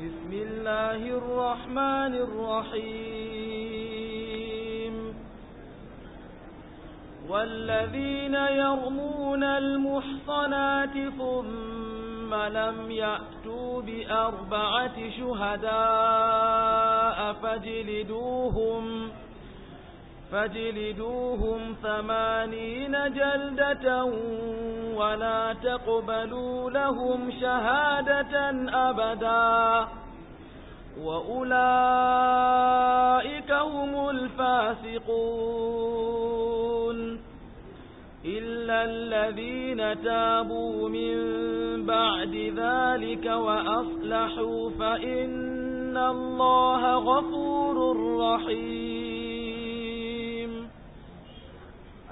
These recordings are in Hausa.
بسم الله الرحمن الرحيم والذين يرمون المحصنات ثم لم يأتوا بأربعة شهداء فاجلدوهم فاجلدوهم فاجلدوهم ثمانين جلدة ولا تقبلوا لهم شهادة أبدا وأولئك هم الفاسقون إلا الذين تابوا من بعد ذلك وأصلحوا فإن الله غفور رحيم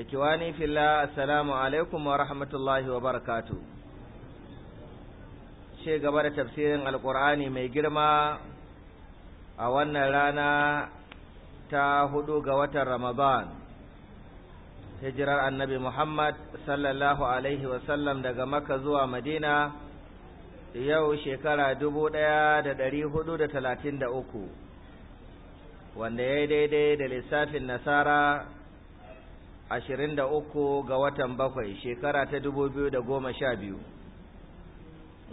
ikiwani filla assalamu alaikum wa rahmatullahi wa barakatu ce gaba da tafsirin alkur'ani mai girma a wannan rana ta hudu ga watan ramadan hijirar annabi muhammad sallallahu alaihi wasallam daga maka zuwa madina yau shekara dubu ɗaya da dari hudu da talatin da uku wanda ya daidai da lissafin nasara ashirin da uku ga watan bakwai shekara ta dubu biyu da goma sha biyu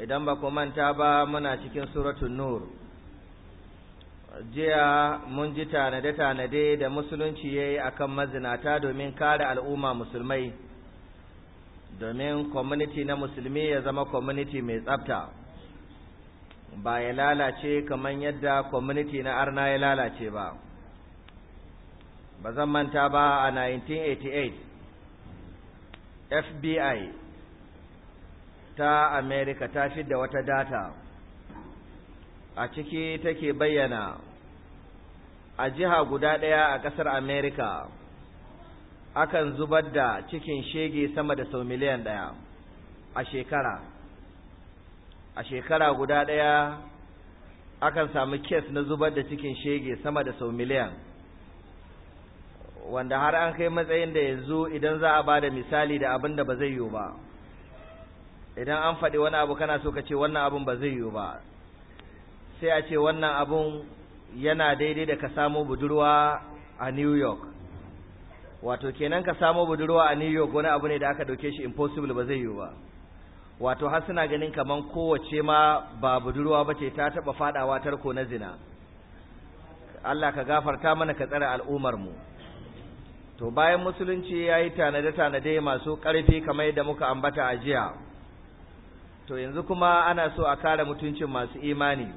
idan ba ku manta ba muna cikin suratun nur jiya mun ji tanade-tanade da musulunci ya yi a kan mazinata domin kare al'umma musulmai domin kwamuniti na musulmi ya zama kwamuniti mai tsafta ba ya lalace kamar yadda kwamuniti na arna ya lalace ba ba zan manta ba a 1988 fbi ta america ta fi da wata data a ciki take bayyana a jiha guda ɗaya a ƙasar america akan zubar da cikin shege sama da sau miliyan ɗaya a shekara a shekara guda ɗaya akan samu kes na zubar da cikin shege sama da sau miliyan wanda har an kai matsayin da yanzu idan za a bada misali da abin da ba zai yiwu ba idan an faɗi wani abu kana so ka ce wannan abin ba zai yiwu ba sai a ce wannan abun yana daidai da ka samo budurwa a New York wato kenan ka samo budurwa a New York wani abu ne da aka dauke shi impossible ba zai yiwu ba wato har suna ganin kamar kowace ma ba budurwa ba ce ta taɓa faɗawa tarko na zina Allah ka gafarta mana ka tsare al'ummar mu to bayan musulunci ya yi tanade-tanade masu ƙarfi kamar yadda muka ambata a jiya to yanzu kuma ana so a kare mutuncin masu imani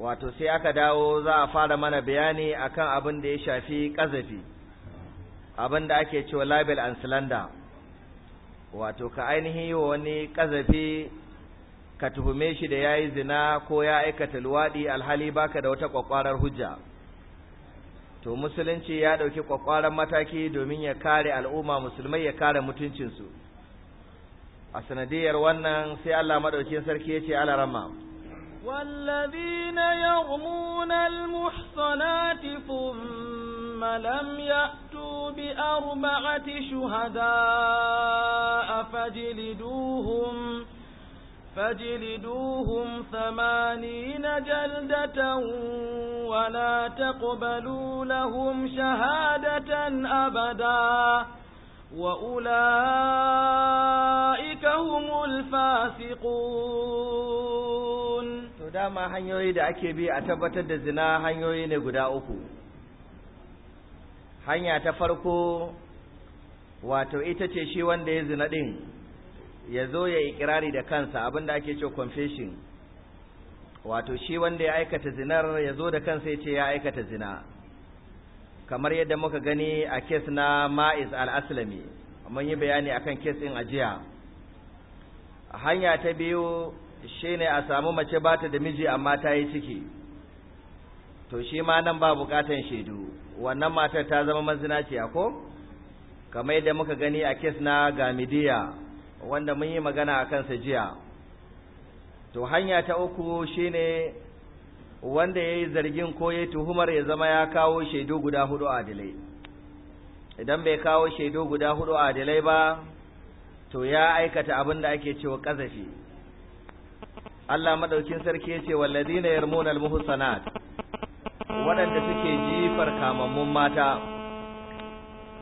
wato sai aka dawo za a fara mana bayani akan abin da ya shafi ƙazafi abin da ake cewa label and slander wato ka ainihi wa wani ƙazafi ka tuhume shi da ya yi zina ko ya aikata luwaɗi alhali baka da wata ƙwaƙwarar hujja to musulunci ya ɗauki kwakwaran mataki domin ya kare al'umma musulmai ya kare mutuncinsu a sanadiyar wannan sai Allah maɗaukin sarki ya ce alarama والذين يرمون المحصنات ثم لم يأتوا بأربعة شهداء فجلدوهم فاجلدوهم ثمانين جلدة ولا تقبلوا لهم شهادة أبدا وأولئك هم الفاسقون dama hanyoyi da ake bi a tabbatar da zina hanyoyi ne guda uku hanya ta farko wato ita ce shi wanda ya zina ɗin ya zo ya yi ikirari da kansa abinda ake cewa confession wato shi wanda ya aikata zinar ya zo da kansa ya ce ya aikata zina kamar yadda muka gani a kes na ma'iz al-aslami mun yi bayani akan kes din ajiya hanya ta biyu shine a samu mace ba ta da miji amma ta yi ciki to shi ma nan ba bukatan shaidu wannan matar ta zama mazinaciya ko kamar yadda muka gani a kes na gamidiya wanda mun yi magana a kansa jiya to hanya ta uku shine wanda ya yi zargin ko ya tuhumar ya zama ya kawo shaidu guda hudu adilai idan bai kawo shaidu guda hudu adilai ba to ya aikata abin da ake cewa kazafi Allah maɗaukin sarki ya ce walladina yarmuna almuhsanat waɗanda suke jifar kamammun mata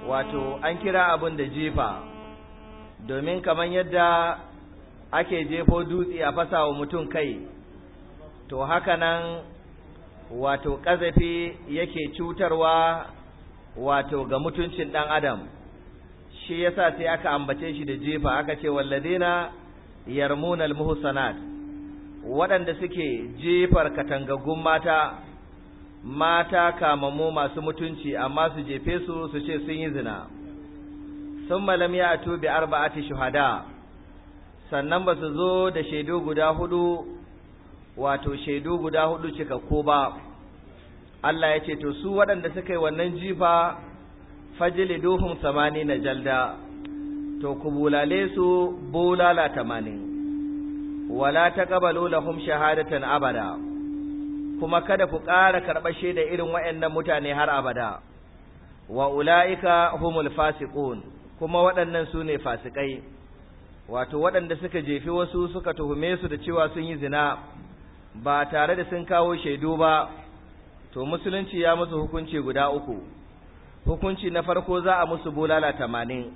wato an kira abin da jifa domin kamar yadda ake jefo dutse a fasa wa mutum kai to haka nan wato ƙazafi yake cutarwa wato ga mutuncin ɗan adam shi yasa sai aka ambace shi da jefa aka ce walladina yarmunal muhsanat waɗanda suke jefar katangagun mata mata kamamo masu mutunci amma su jefe su su ce sun yi zina Sun malam ya ya'tu bi arba'ati shuhada sannan ba su zo da shaidu guda hudu wato shaidu guda hudu ko ba Allah ya ce to su waɗanda suka yi wannan jifa fajili duhun samani na jalda to ku bulale su bulala tamanin wala ta lola lahum shahadatan abada kuma kada ku ƙara karɓar da irin waɗannan mutane har abada wa ula'ika humul fasiqun kuma waɗannan su ne fasikai wato waɗanda suka jefi wasu suka tuhume su da cewa sun yi zina ba tare da sun kawo shaidu ba to musulunci ya musu hukunci guda uku hukunci na farko za a musu bulala tamanin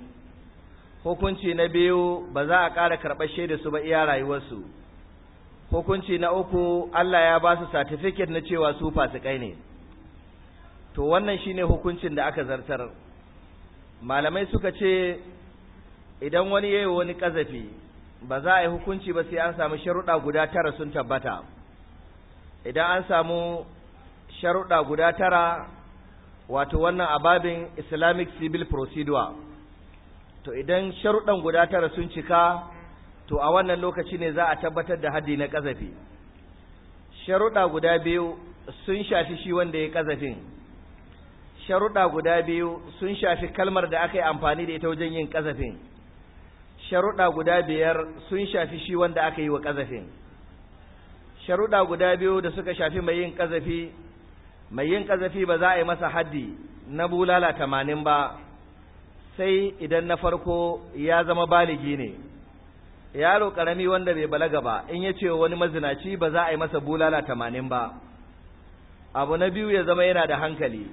hukunci na biyu ba za a ƙara karɓar shaida su ba iya rayuwarsu hukunci na uku Allah ya ba su certificate na cewa su fasikai ne to wannan shine hukuncin da aka zartar malamai suka ce idan wani yayi wani kazafi ba za a yi hukunci ba sai an samu sharuɗa guda tara sun tabbata idan an samu sharuɗa guda tara wato wannan ababin islamic civil procedure to idan sharuɗan guda tara sun cika to a wannan lokaci ne za a tabbatar da haddi na kazafi sharuɗa guda biyu sun shafi shi wanda ya kazafin sharuɗa guda biyu sun shafi kalmar da aka yi amfani da ita wajen yin ƙazafin sharuɗa guda biyar sun shafi shi wanda aka yi wa ƙazafin sharuɗa guda biyu da suka shafi mai yin ƙazafi mai yin ƙazafi ba za a yi masa haddi na bulala tamanin ba sai idan na farko ya zama baligi ne yaro ƙarami wanda bai balaga ba in ya ce wani mazinaci ba za a yi masa bulala tamanin ba abu na biyu ya zama yana da hankali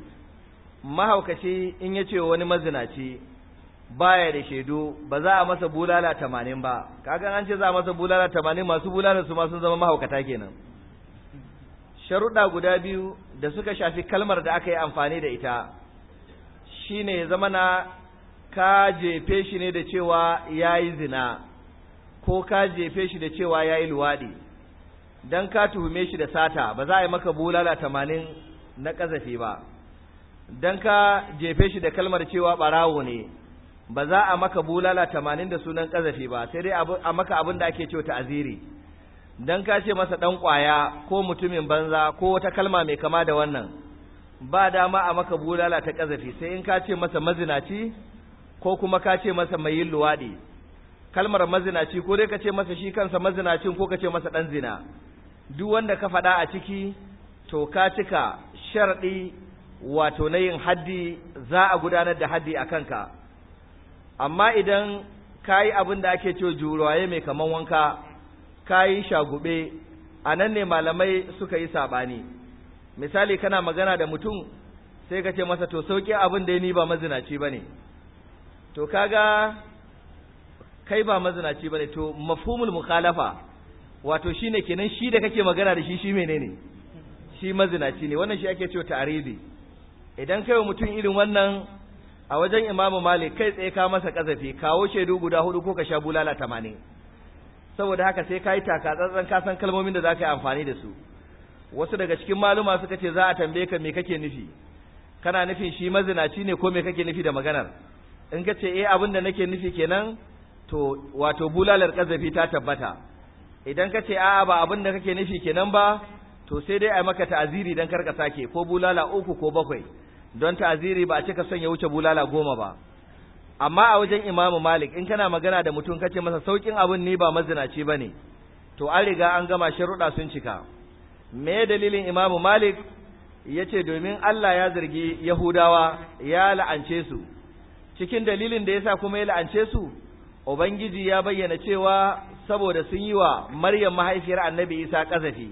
mahaukaci in ya ce wani mazinaci baya da shaidu ba za a masa bulala tamanin ba kagan an ce za a masa bulala tamanin masu bulala su masu zama mahaukata kenan sharuɗa guda biyu da suka shafi kalmar da aka yi amfani da ita shine ya zama na ka jefe shi ne da cewa ya yi zina ko ka jefe shi da cewa ya yi luwaɗi don ka tuhume shi da sata ba za a yi maka bulala tamanin na ƙazafi ba dan ka jefe shi da kalmar cewa ɓarawo ne ba za a maka bulala tamanin da sunan kazafi ba sai dai a maka abin da ake cewa ta'aziri dan ka ce masa ɗan kwaya ko mutumin banza ko wata kalma mai kama da wannan ba dama a maka bulala ta kazafi sai in ka ce masa mazinaci ko kuma ka ce masa mai yin luwaɗi kalmar mazinaci ko dai ka ce masa shi kansa mazinacin ko ka ce masa ɗan zina duk wanda ka faɗa a ciki to ka cika sharɗi wato na yin haddi za a gudanar da haddi a kanka amma idan ka yi abin da ake ce juruwaye mai kaman wanka ka yi shagube a nan ne malamai suka yi saɓani misali kana magana da mutum sai ka ce masa to sauƙi abin da ni ba mazinaci ba ne to kaga kai ba mazinaci ba ne to mafhumul mukhalafa wato shine kenan shi da kake magana da shi shi menene shi mazinaci ne wannan shi ake cewa ta'aridi idan kai mutum irin wannan a wajen imamu malik kai tsaye ka masa kazafi kawo shaidu guda hudu ko ka sha bulala tamanin saboda haka sai ka yi takatsantsan ka san kalmomin da za ka yi amfani da su wasu daga cikin maluma suka ce za a tambaye ka me kake nufi kana nufin shi mazinaci ne ko me kake nufi da maganar in ka ce eh abin da nake nufi kenan to wato bulalar kazafi ta tabbata idan ka ce a'a ba abin da kake nufi kenan ba to sai dai a maka ta'aziri dan karka sake ko bulala uku ko bakwai don ta'aziri ba a cika son ya wuce bulala goma ba amma a wajen imamu malik in kana magana da mutum kace masa saukin abin ni ba mazinaci ba ne, to an riga an gama sharuɗa sun cika me dalilin imamu malik yace domin Allah ya zargi yahudawa ya la'ance su cikin dalilin da ya sa kuma ya la'ance su ubangiji ya bayyana cewa saboda sun yi wa maryam mahaifiyar annabi isa kazafi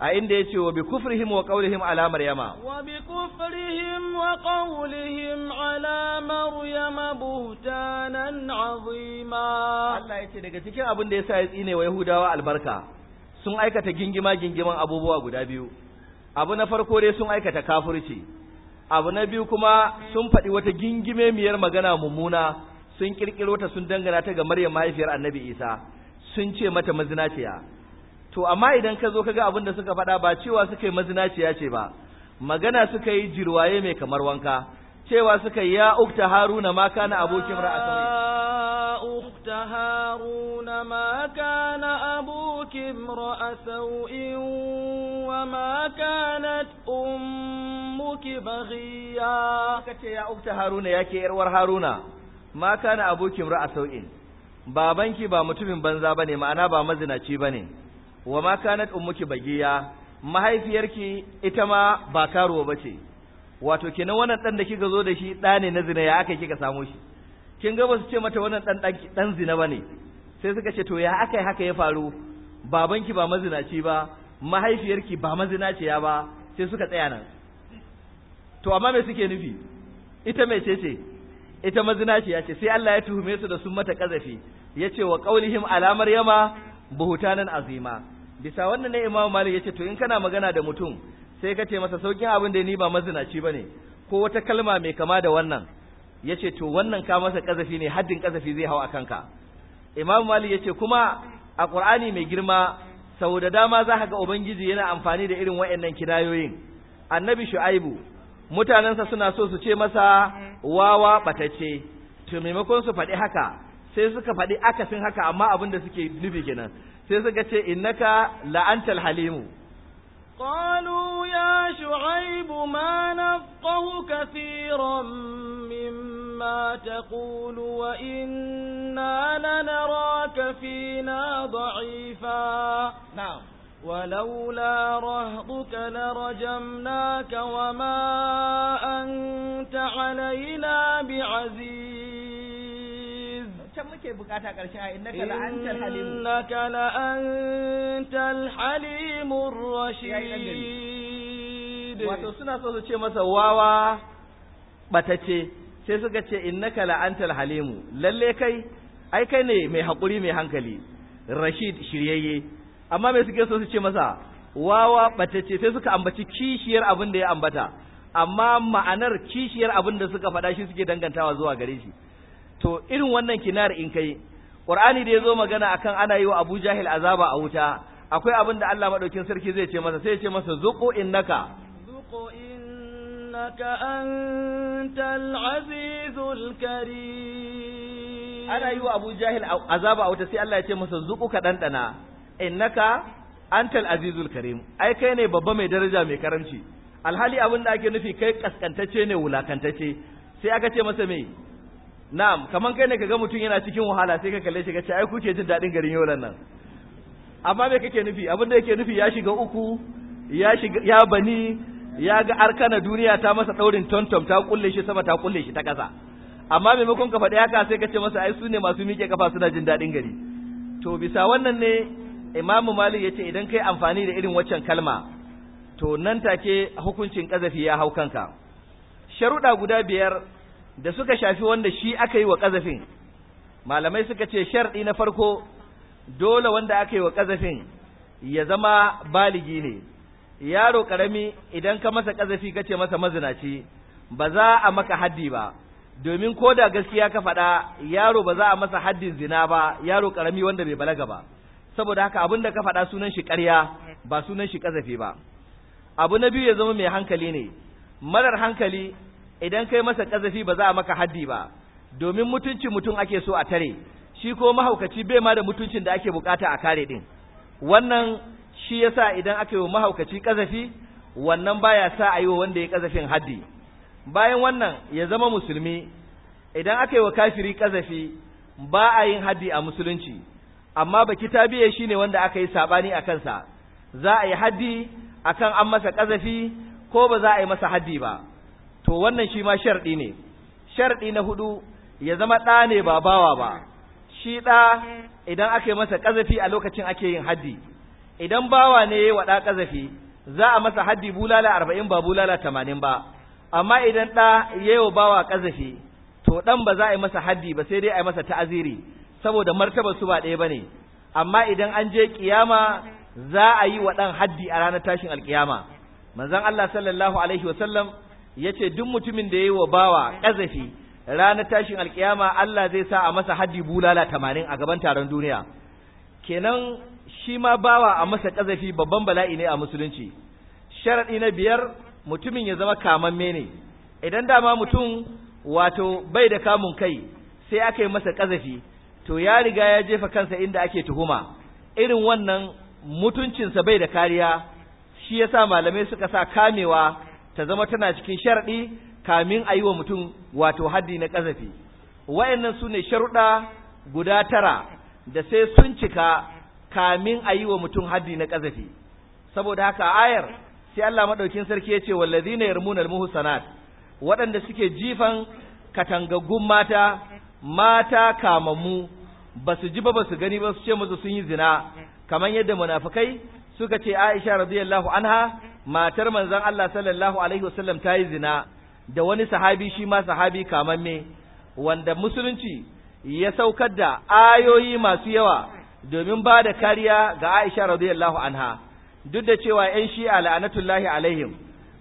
a inda ya ce wa bi kufrihim wa qawlihim ala maryama wa bi kufrihim wa qawlihim ala maryama buhtanan azima Allah ya daga cikin abin da ya sa ya tsine wa yahudawa albarka sun aikata gingima gingiman abubuwa guda biyu abu na farko dai sun aikata kafirci abu na biyu kuma sun faɗi wata gingime miyar magana mummuna sun kirkiro ta sun dangana ta ga Maryam mahaifiyar Annabi Isa sun ce mata mazinaciya to amma idan ka zo kaga abin da suka faɗa ba cewa suka yi mazinaciya ce ba magana suka yi jirwaye mai kamar wanka cewa suka yi ya ukta haruna ma kana abokin ra'atan ukta haruna ma kana abokin ra'asa wa ma kanat ummuki baghiya kace ya ukta haruna yake yarwar haruna ma kana abokin ra'asau'in babanki ba mutumin banza bane ma'ana ba mazinaci bane wa ma kanat ummuki bagiya mahaifiyarki ita ma ba karuwa bace wato kenan wannan dan da kika zo da shi da ne na zina ya aka kika samu shi kin ga basu ce mata wannan dan dan zina bane sai suka ce to ya aka haka ya faru babanki ba mazinaci ba mahaifiyarki ba mazinaciya ba sai suka tsaya nan to amma me suke nufi ita mai ce ce ita mazinaciya ce sai Allah ya tuhume su da sun mata kazafi yace wa qaulihim ala maryama buhutanan azima bisa wannan ne imamu malik yace to in kana magana da mutum sai ka ce masa saukin abin da ni ba mazinaci bane ko wata kalma mai kama da wannan yace to wannan ka masa kazafi ne haddin kazafi zai hau akan ka imamu malik yace kuma a qur'ani mai girma sau da dama za ka ga ubangiji yana amfani da irin waɗannan kinayoyin annabi shu'aibu mutanensa suna so su ce masa wawa batacce to maimakon su faɗi haka sai suka faɗi akasin haka amma abin da suke nufi kenan sai suka ce innaka la'antal halimu قالوا يا شعيب ما نفقه كثيرا مما تقول وإنا لنراك فينا ضعيفا نعم ولولا رهضك لرجمناك وما أنت علينا بعزيز can muke bukata karshen ayi innaka la antal halim innaka la antal halimur rashid wato suna so su ce masa wawa batace sai suka ce innaka la antal halimu lalle kai ai kai ne mai hakuri mai hankali rashid shiryayye amma me suke so su ce masa wawa batace sai suka ambaci kishiyar abin da ya ambata amma ma'anar kishiyar abin da suka faɗa shi suke dangantawa zuwa gare shi to irin wannan kinar in kai qur'ani da yazo magana akan ana yi wa abu jahil azaba a wuta akwai abin da Allah madaukin sarki zai ce masa sai ya ce masa zuqu innaka zuqu innaka antal azizul karim ana yi wa abu jahil azaba a wuta sai Allah ya ce masa zuqu ka dandana innaka antal azizul karim ai kai ne babba mai daraja mai karamci alhali abin da ake nufi kai kaskantacce ne wulakantacce sai aka ce masa me na'am kaman kai ne kaga mutum yana cikin wahala sai ka kalle shi ka ce ai kuke jin daɗin garin yolan nan amma me kake nufi abin da yake nufi ya shiga uku ya shiga ya bani ya ga arkana duniya ta masa daurin tontom ta kulle shi sama ta kulle shi ta ƙasa amma makon ka faɗi haka sai ka ce masa ai su ne masu miƙe kafa suna jin daɗin gari to bisa wannan ne imamu malik ya ce idan kai amfani da irin waccan kalma to nan take hukuncin kazafi ya hau kanka sharuɗa guda biyar da suka shafi wanda shi aka yi wa ƙazafin malamai suka ce sharɗi na farko dole wanda aka yi wa ƙazafin ya zama baligi ne yaro ƙarami idan ka masa ƙazafi ka ce masa mazinaci ba za a maka haddi ba domin ko da gaskiya ka faɗa yaro ba za a masa haddin zina ba yaro ƙarami wanda bai balaga ba saboda haka abin da ka faɗa sunan shi ƙarya ba sunan shi ƙazafi ba abu na biyu ya zama mai hankali ne marar hankali idan kai masa kazafi ba za a maka haddi ba domin mutuncin mutum ake so a tare shi ko mahaukaci bai ma da mutuncin da ake bukata a kare din wannan shi yasa idan aka yi mahaukaci kazafi wannan baya sa a yi wa wanda ya kazafin haddi bayan wannan ya zama musulmi idan aka yi wa kafiri kazafi ba a yin haddi a musulunci amma baki ba shi ne wanda aka yi saɓani a kansa za a yi haddi akan an masa ƙazafi ko ba za a yi masa haddi ba to wannan shi ma sharɗi ne sharɗi na hudu ya zama ɗa ne ba bawa ba shi ɗa idan aka yi masa ƙazafi a lokacin ake yin haddi idan bawa ne ya yi waɗa ƙazafi za a masa haddi bulala arba'in ba bulala tamanin ba amma idan ɗa ya yi wa bawa ƙazafi to ɗan ba za a yi masa haddi ba sai dai a yi masa ta'aziri saboda martaba su ba ɗaya ba ne amma idan an je ƙiyama za a yi wa ɗan haddi a ranar tashin alƙiyama manzon Allah sallallahu alaihi wasallam Ya ce duk mutumin da ya yi wa bawa kazafi ranar tashin alkiyama Allah zai sa a masa haddi bulala tamanin a gaban taron duniya kenan shi ma bawa a masa kazafi babban bala'i ne a musulunci sharadi na biyar mutumin ya zama kamamme ne idan dama mutum wato bai da kamun kai sai aka yi masa ƙazafi, to ya riga ya jefa kansa inda ake tuhuma irin wannan mutuncinsa bai da kariya shi yasa malamai suka sa kamewa ta zama tana cikin sharɗi kamin a yi wa mutum wato haddi na ƙazafi wayannan su ne sharuɗa guda tara da sai sun cika kamin a yi wa mutum haddi na ƙazafi saboda haka a ayar sai Allah maɗaukin sarki ya ce wallazina yarmuna sanat waɗanda suke jifan katangaggun mata mata kamammu ba su ji ba ba su gani ba su ce musu sun yi zina kamar yadda munafukai suka ce Aisha radiyallahu anha matar manzon Allah sallallahu alaihi wasallam ta yi zina da wani sahabi shi ma sahabi kamamme wanda musulunci ya saukar da ayoyi masu yawa domin ba da kariya ga Aisha radiyallahu anha duk da cewa ƴan shi'a la'anatullahi alaihim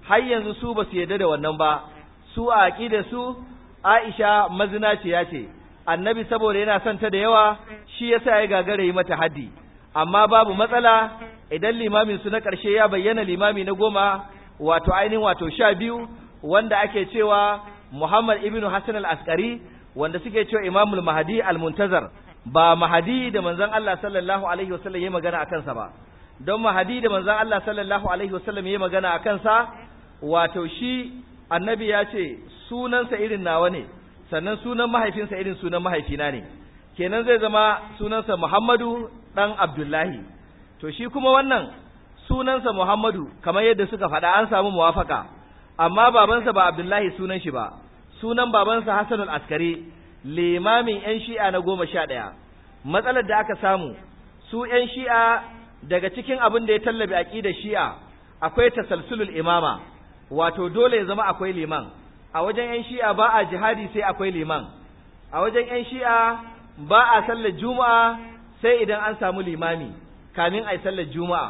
har yanzu su ba su yarda da wannan ba su a aqida su Aisha mazinaciya ce annabi saboda yana son ta da yawa shi yasa ya gagara yi mata haddi amma babu matsala idan limamin su na ƙarshe ya bayyana limami na goma wato ainihin wato sha biyu wanda ake cewa Muhammad ibn Hassan al-Askari wanda suke cewa Imamul mahadi al-Muntazar ba mahadi da manzon Allah sallallahu alaihi wasallam ya magana a kansa ba don mahadi da manzon Allah sallallahu alaihi wasallam ya magana a kansa wato shi annabi ya ce sunansa irin nawa ne sannan sunan mahaifinsa irin sunan mahaifina ne kenan zai zama sunansa Muhammadu dan Abdullahi to shi kuma wannan sunansa Muhammadu kamar yadda suka faɗa an samu muwafaka amma babansa ba Abdullahi sunan shi ba sunan babansa Hassanul Askari limamin yan shi'a na goma sha ɗaya matsalar da aka samu su yan shi'a daga cikin abin da ya tallabi aƙidar shi'a akwai tasalsulul imama wato dole ya zama akwai liman a wajen yan shi'a ba a jihadi sai akwai liman a wajen yan shi'a ba a sallar juma'a sai idan an samu limami kamin a yi sallar juma'a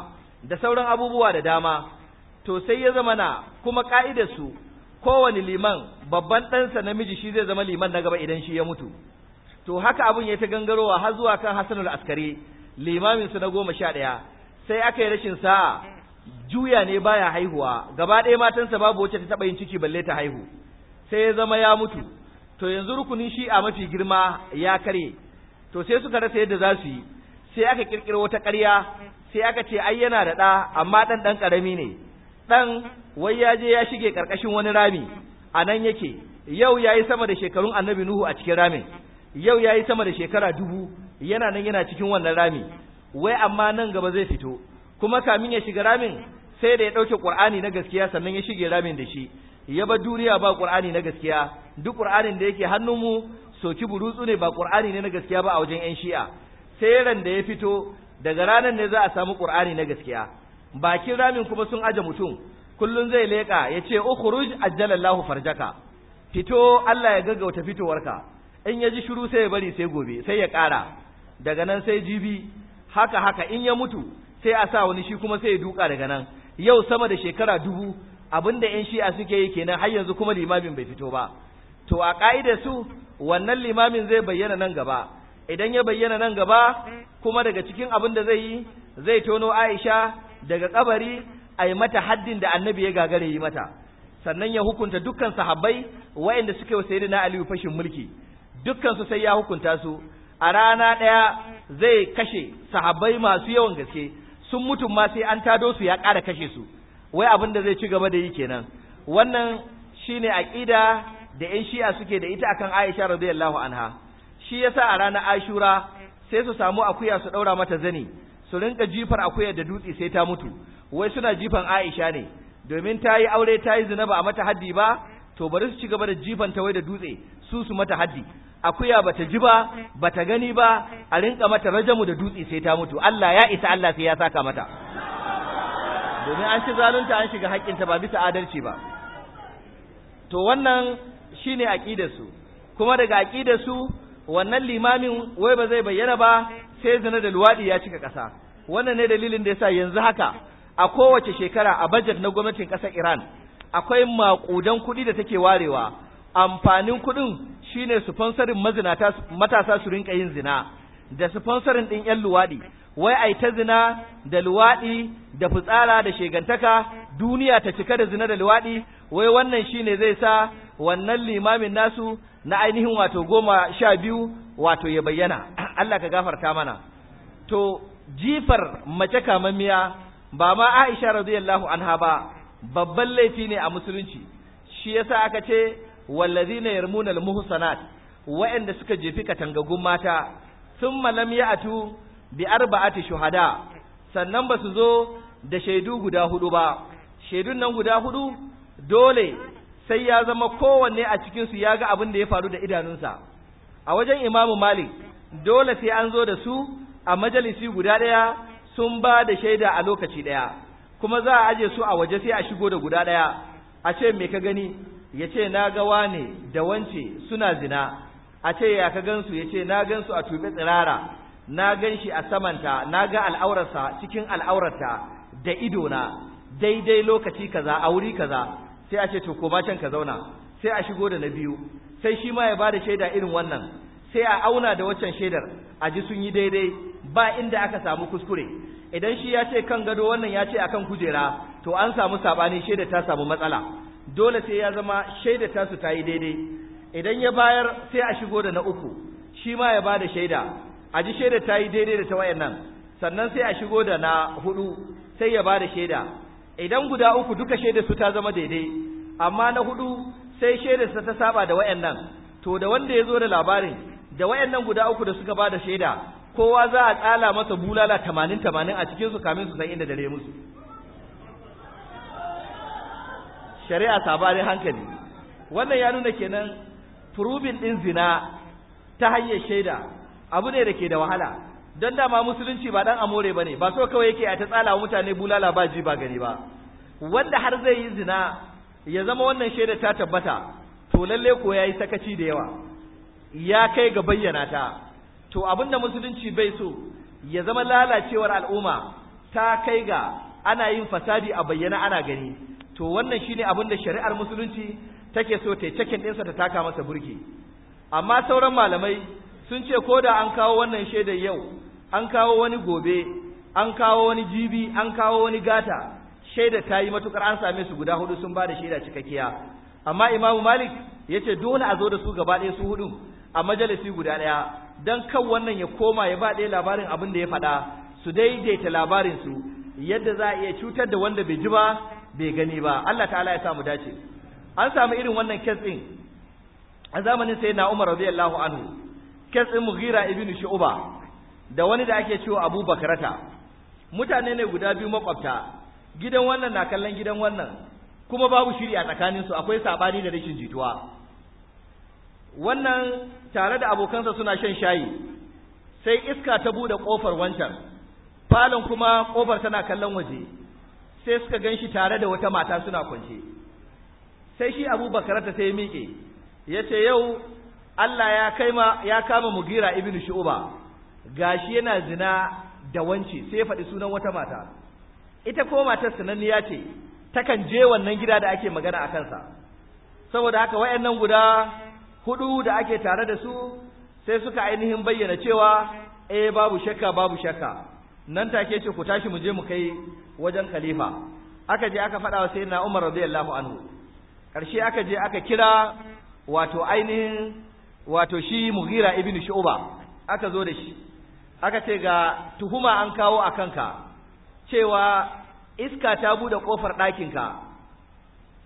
da sauran abubuwa da dama to sai ya zama na kuma su kowane liman babban ɗansa namiji shi zai zama liman na gaba idan shi ya mutu to haka abin ya ta gangarowa har zuwa kan Hassanar askari limamin su na goma sha ɗaya sai aka yi rashin sa'a juya ne baya haihuwa gaba ɗaya matansa babu wacce ta taɓa yin ciki balle ta haihu sai ya zama ya mutu to yanzu rukunin shi a mafi girma ya karye to sai suka rasa yadda za su yi sai aka kirkiro wata ƙarya sai aka ce ai yana da ɗa amma ɗan ɗan ƙarami ne ɗan wai ya je ya shige ƙarƙashin wani rami a nan yake yau ya yi sama da shekarun annabi nuhu a cikin ramin yau ya yi sama da shekara dubu yana nan yana cikin wannan rami wai amma nan gaba zai fito kuma kamin ya shiga ramin sai da ya ɗauke ƙur'ani na gaskiya sannan ya shige ramin da shi ya bar duniya ba ƙur'ani na gaskiya duk ƙur'anin da yake hannunmu soki burutsu ne ba ƙur'ani ne na gaskiya ba a wajen 'yan shi'a sai da ya fito daga ranar ne za a samu qur'ani na gaskiya bakin ramin kuma sun aje mutum Kullum zai leƙa, ya ce ukhruj ajjalallahu farjaka fito Allah ya gaggauta fitowarka in ya ji shiru sai ya bari sai gobe sai ya ƙara daga nan sai jibi haka haka in ya mutu sai a sa wani shi kuma sai ya duka daga nan yau sama da shekara dubu abinda yan shi'a suke yi kenan har yanzu kuma limamin bai fito ba to a ka'idar su wannan limamin zai bayyana nan gaba idan ya bayyana nan gaba kuma daga cikin abin da zai yi zai tono Aisha daga kabari a yi mata haddin da annabi ya gagare yi mata sannan ya hukunta dukkan sahabbai waɗanda suke wa sayyidina Aliyu fashin mulki dukkan su sai ya hukunta su a rana ɗaya zai kashe sahabbai masu yawan gaske sun mutum ma sai an tado su ya ƙara kashe su wai abin da zai ci gaba da yi kenan wannan shine aƙida da 'yan shi'a suke da ita akan Aisha radiyallahu anha shi yasa a ranar ashura sai su samu akuya su ɗaura mata zani su rinka jifar akuya da dutse sai ta mutu wai suna jifan aisha ne domin ta yi aure ta yi zina ba a mata haddi ba to bari su ci gaba da jifan ta wai da dutse su su mata haddi akuya ba ta ji ba ba ta gani ba a rinka mata rajamu da dutse sai ta mutu Allah ya isa Allah sai ya saka mata domin an ci zalunta an shiga haƙƙinta ba bisa adalci ba to wannan shine akidar su kuma daga akidar su wannan limamin wai ba zai bayyana ba sai zina da luwaɗi ya cika ƙasa wannan ne dalilin da yasa yanzu haka a kowace shekara a bajet na gwamnatin ƙasar Iran akwai maƙudan kuɗi da take warewa amfanin kuɗin shine sponsorin mazinata matasa su rinka yin zina da sponsorin ɗin 'yan luwaɗi wai ai ta zina da luwaɗi da fitsara da shegantaka duniya ta cika da zina da luwaɗi wai wannan shi ne zai sa wannan limamin nasu na ainihin wato goma sha biyu wato ya bayyana Allah ka gafarta mana to jifar mace kamammiya ba ma Aisha radiyallahu anha ba babban laifi ne a musulunci shi yasa aka ce wallazina yarmuna almuhsanat wa'anda suka jefi katangagun mata thumma lam ya'tu bi arba'ati shuhada sannan ba su zo da shaidu guda hudu ba shaidun nan guda hudu dole sai ya zama kowanne a cikinsu ya ga abin da ya faru da idanunsa a wajen imamu malik dole sai an zo da su a majalisi guda ɗaya sun ba da shaida a lokaci ɗaya kuma za a aje su a waje sai a shigo da guda ɗaya a ce me ka gani ya ce na ga wane da wance suna zina a ce ya ka gansu ya ce na gansu a tuɓe tsirara na gan shi a samanta na ga al'aurarsa cikin al'aurarta da idona daidai lokaci kaza a wuri kaza sai a ce to ko can ka zauna sai a shigo da na biyu sai shi ma ya ba da shaida irin wannan sai a auna da waccan shaidar a ji sun yi daidai ba inda aka samu kuskure idan shi ya ce kan gado wannan ya ce akan kujera to an samu sabani shaida ta samu matsala dole sai ya zama shaida ta su ta yi daidai idan ya bayar sai a shigo da na uku shi ma ya ba da shaida a ji shaida ta yi daidai da ta wayannan sannan sai a shigo da na hudu sai ya ba da shaida idan guda uku duka shaida su ta zama daidai amma na hudu sai shaida sa ta saba da wayannan to da wanda ya zo da labarin da wayannan guda uku da suka bada shaida kowa za a tsala masa bulala tamanin tamanin a cikin su kamin su san inda dare musu shari'a ta sabarin hankali wannan ya nuna kenan furubin din zina ta hanyar shaida abu ne da ke da wahala Don dama musulunci ba dan amore bane ba so kawai yake a ta tsala wa mutane bulala ba ji ba gani ba wanda har zai yi zina ya zama wannan shaida ta tabbata to lalle ko yayi sakaci da yawa ya kai ga bayyana ta to abinda musulunci bai so ya zama lalacewar al'umma ta kai ga ana yin fasadi a bayyana ana gani to wannan shine abinda shari'ar musulunci take so ta yi cakin ɗinsa ta taka masa burki amma sauran malamai sun ce ko da an kawo wannan shaidar yau an kawo wani gobe an kawo wani jibi an kawo wani gata shaida ta yi matukar an same su guda hudu sun ba da shaida cikakkiya amma imamu malik ya ce dole a zo da su gaba ɗaya su hudu a majalisi guda ɗaya don kan wannan ya koma ya ba ɗaya labarin abin da ya faɗa su daidaita labarin su yadda za a iya cutar da wanda bai ji ba bai gani ba Allah ta'ala ya samu dace an samu irin wannan kes ɗin a zamanin sai na umar radiyallahu anhu kes ɗin mughira ibn shu'ba da wani da ake cewa Abu Bakrata mutane ne guda biyu makwabta gidan wannan na kallon gidan wannan kuma babu shiri a tsakanin su akwai sabani da rashin jituwa wannan tare da abokansa suna shan shayi sai iska ta buɗe ƙofar wancan falon kuma ƙofar tana kallon waje sai suka gan shi tare da wata mata suna kwance sai shi Abu Bakrata sai ya miƙe yace yau Allah ya kaima ya kama Mugira ibn Shu'uba. gashi yana zina da wance sai ya faɗi sunan wata mata ita ko matar sananniya ce takan je wannan gida da ake magana a kansa saboda haka wayannan guda hudu da ake tare da su sai suka ainihin bayyana cewa eh babu shakka babu shakka nan take ce ku tashi mu je mu kai wajen khalifa aka je aka faɗa wa sayyidina Umar radiyallahu anhu karshe aka je aka kira wato ainihin wato shi Mughira ibn Shu'ba aka zo da shi aka ce ga tuhuma an kawo a kanka cewa iska ta bude kofar ɗakinka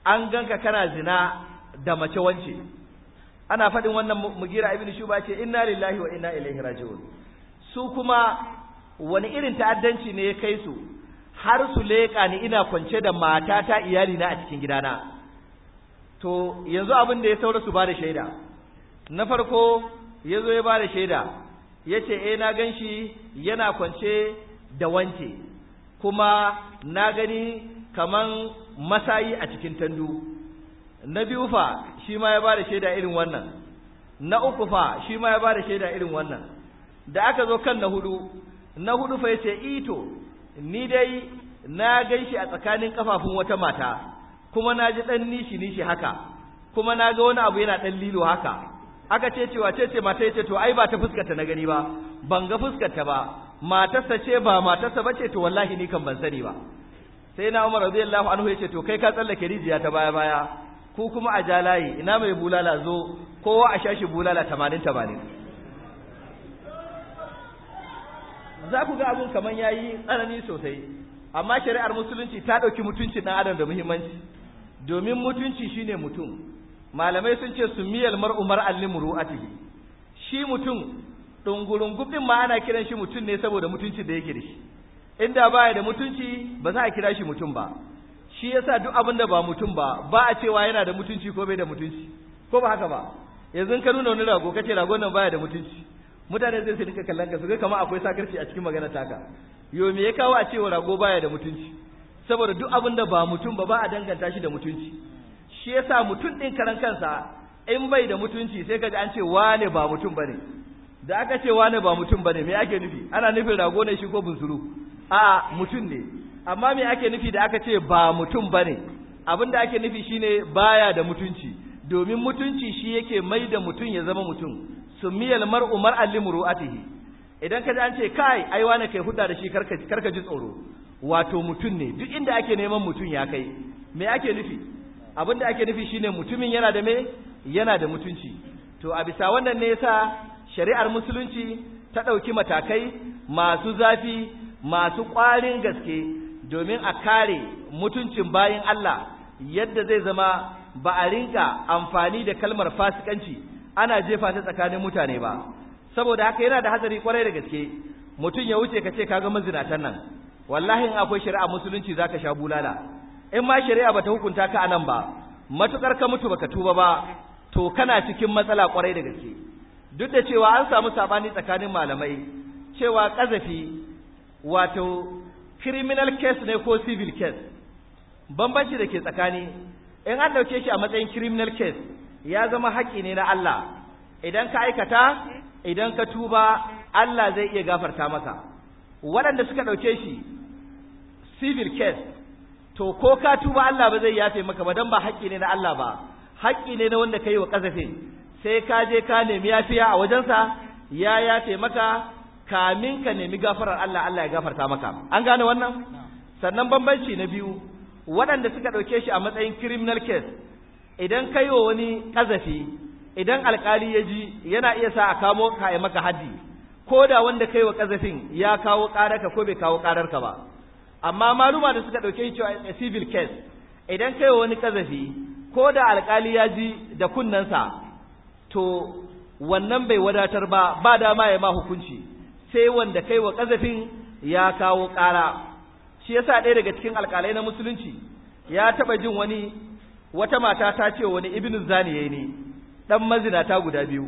an ganka kana zina da mace wance ana faɗin wannan mugira ibn shuba ce inna lillahi wa inna ilaihi raji'un su kuma wani irin ta'addanci ne ya kai su har su leƙa ni ina kwance da matata na a cikin gidana to yanzu abin da ya saura su ba da shaida na farko ya zo ya ba da shaida yace e eh, na ganshi yana kwance da wanke kuma na gani kaman masayi a cikin tandu na biyu fa shi ma ya ba da shaida irin wannan na uku fa shi ma ya ba da shaida irin wannan da aka zo kan na hudu na hudu fa yace ito eh ni dai na ganshi a tsakanin kafafun wata mata kuma na ji dan nishi nishi haka kuma na ga wani abu yana dan lilo haka aka ce cewa ce ce mata yace to ai ba ta fuskarta na gani ba ban ga fuskarta ba matarsa ce ba matarsa ba ce to wallahi ni kan ban sani ba sai na Umar radiyallahu anhu yace to kai ka tsallake rijiya ta baya baya ku kuma a jalayi ina mai bulala zo kowa a shashi bulala 80 80 za ku ga abun kaman yayi tsanani sosai amma shari'ar musulunci ta dauki mutuncin dan adam da muhimmanci domin mutunci shine mutum malamai sun ce su miyal mar'u mar'an atihi shi mutum dungurungub din ma ana kiran shi mutum ne saboda mutunci da yake da shi inda baya da mutunci ba za a kira shi mutum ba shi yasa duk abin da ba mutum ba ba a cewa yana da mutunci ko bai da mutunci ko ba haka ba yanzu ka nuna wani rago kace rago nan baya da mutunci mutane zai su rika kallon ka su ga kamar akwai sakarci a cikin magana taka yo me ya kawo a cewa rago baya da mutunci saboda duk abin da ba mutum ba ba a danganta shi da mutunci shi yasa mutum ɗin karan kansa in bai da mutunci sai kaji an ce wane ba mutum bane da aka ce wane ba mutum bane me ake nufi ana nufin rago ne shi ko bunsuru a mutum ne amma me ake nufi da aka ce ba mutum bane abin da ake nufi shine baya da mutunci domin mutunci shi yake mai da mutum ya zama mutum sumiyal mar'u mar'an limru'atihi idan kaji an ce kai ai wane kai hudda da shi karka karka ji tsoro wato mutum ne duk inda ake neman mutum ya kai me ake nufi abin da ake nufi shine mutumin yana da me yana da mutunci to a bisa wannan ne yasa shari'ar musulunci ta ɗauki matakai masu zafi masu ƙwarin gaske domin a kare mutuncin bayin Allah yadda zai zama ba a rinka amfani da kalmar fasikanci ana jefa ta tsakanin mutane ba saboda haka yana da hatsari kwarai da gaske mutum ya wuce ka ce kaga mazinatan nan wallahi in akwai shari'a musulunci zaka sha bulala in ma shari'a bata hukunta ka anan ba matukar ka mutu baka tuba ba to kana cikin matsala kwarai da gaske duk da cewa an samu sabani tsakanin malamai cewa kazafi wato criminal case ne ko civil case bambanci da ke tsakani in an dauke shi a matsayin criminal case ya zama haƙƙi ne na Allah idan ka aikata idan ka tuba Allah zai iya gafarta maka waɗanda suka dauke shi civil case to ko ka tuba Allah ba zai yafe maka ba dan ba haƙƙi ne na Allah ba haƙƙi ne na wanda kai wa kazafin sai ka je ka nemi yafiya a wajensa ya yafe maka kamin ka nemi gafarar Allah Allah ya gafarta maka an gane wannan sannan bambanci na biyu waɗanda suka ɗauke shi a matsayin criminal case idan kai wa wani ƙazafi idan alƙali ya ji yana iya sa a kamo ka maka haddi ko da wanda kai wa kazafin ya kawo ƙararka ko bai kawo ƙararka ba amma maluma da suka ɗauke shi cewa a civil case idan kai wani kazafi ko da alkali ya ji da kunnensa to wannan bai wadatar ba ba dama ya ma hukunci sai wanda kai wa kazafin ya kawo ƙara shi yasa ɗaya daga cikin alkalai na musulunci ya taɓa jin wani wata mata ta ce wani ibnu zaniye ne dan mazinata guda biyu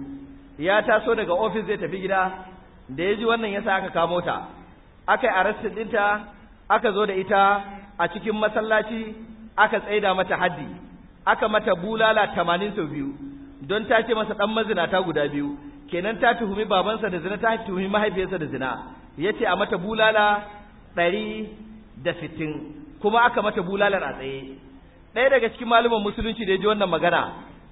ya taso daga ofis zai tafi gida da ya ji wannan yasa aka kamo ta aka yi arrestin ɗinta aka zo da ita a cikin masallaci aka tsaida mata haddi aka mata bulala tamanin sau biyu don ta ce masa ɗan mazinata guda biyu kenan ta tuhumi babansa da zina ta tuhumi mahaifiyarsa da zina ya ce a mata bulala ɗari da sittin kuma aka mata bulalar a tsaye ɗaya daga cikin malaman musulunci da ya ji wannan magana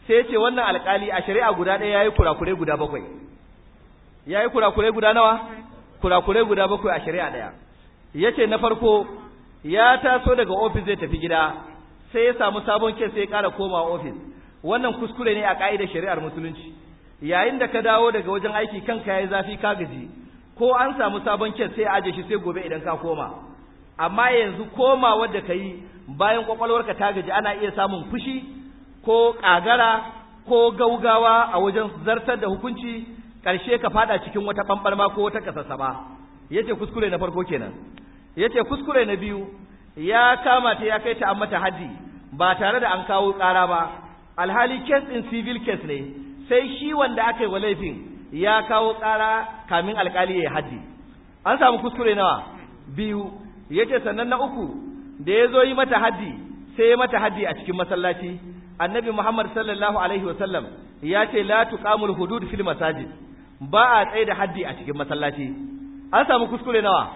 sai ya ce wannan alƙali a shari'a guda ɗaya ya yi kurakurai guda bakwai ya yi kurakurai guda nawa kurakurai guda bakwai a shari'a ɗaya yace na farko ya taso daga ofis zai tafi gida sai ya samu sabon kes sai ya ƙara koma ofis wannan kuskure ne a ka'idar shari'ar musulunci yayin da ka dawo daga wajen aiki kanka yayi zafi ka gaji ko an samu sabon kes sai aje shi sai gobe idan ka koma amma yanzu koma wadda ka yi bayan kwakwalwarka ta gaji ana iya samun fushi ko ƙagara ko gaugawa a wajen zartar da hukunci ƙarshe ka faɗa cikin wata ɓanɓarma ko wata kasasaba yace kuskure na farko kenan yace kuskure na biyu ya kamata ya kai ta an mata haddi ba tare da an kawo tsara ba alhali case in civil case ne sai shi wanda aka yi wa laifin ya kawo tsara kamin alƙali ya yi haddi an samu kuskure nawa biyu yace sannan na uku da ya zo yi mata haddi sai ya mata haddi a cikin masallaci annabi muhammad sallallahu alaihi wasallam ya ce la tuqamul hudud fil masajid ba a tsaye da haddi a cikin masallaci an samu kuskure nawa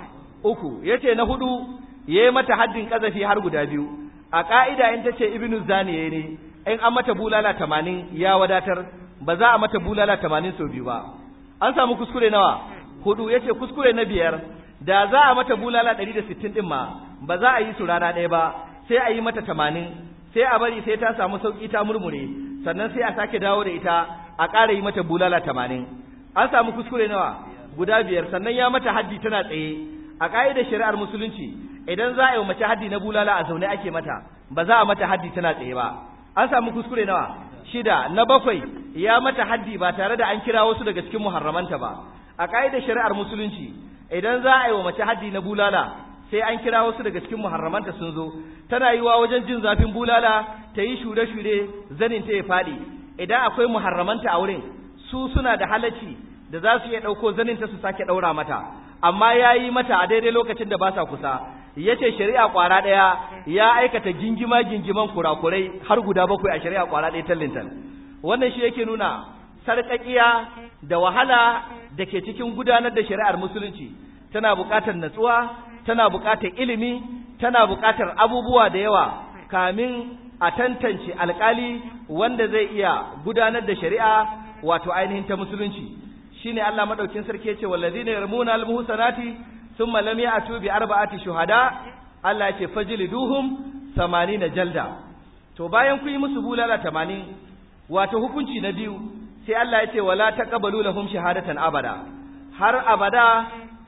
uku yace na hudu yayi mata haddin kazafi har guda biyu a ka'ida in tace ibnu zaniye ne in an mata bulala 80 ya wadatar ba za a mata bulala 80 sau biyu ba an samu kuskure nawa hudu yace kuskure na biyar da za a mata bulala 160 din ma ba za a yi su rana ɗaya ba sai a yi mata 80 sai a bari sai ta samu sauki ta murmure sannan sai a sake dawo da ita a ƙara yi mata bulala 80 an samu kuskure nawa guda biyar sannan ya mata haddi tana tsaye a ƙa'idar shari'ar musulunci idan za a yi mace haddi na bulala a zaune ake mata ba za a mata haddi tana tsaye ba an samu kuskure nawa shida na bakwai ya mata haddi ba tare da an kira wasu daga cikin muharramanta ba a ƙa'idar shari'ar musulunci idan za a yi wa mace haddi na bulala sai an kira wasu daga cikin muharramanta sun zo tana yiwa wajen jin zafin bulala ta yi shure-shure zanin ta ya faɗi idan akwai muharramanta a wurin su suna da halacci da za su iya ɗauko zaninta su sake ɗaura mata amma ya yi mata a daidai lokacin da ba sa kusa ya ce shari'a kwara ɗaya ya aikata gingima gingiman kurakurai har guda bakwai a shari'a ƙwara ɗaya tallintan wannan shi yake nuna sarƙaƙiya da wahala da ke cikin gudanar da shari'ar musulunci tana buƙatar natsuwa tana buƙatar ilimi tana buƙatar abubuwa da yawa kamin a tantance alƙali wanda zai iya gudanar da shari'a wato ainihin ta musulunci shine Allah maɗaukin sarki yace wallazina yarmuna almuhsanati thumma lam ya'tu bi arba'ati shuhada Allah yace fajliduhum 80 jalda to bayan ku yi musu bulala tamanin, wato hukunci na biyu sai Allah ya yace wala taqabalu lahum shahadatan abada har abada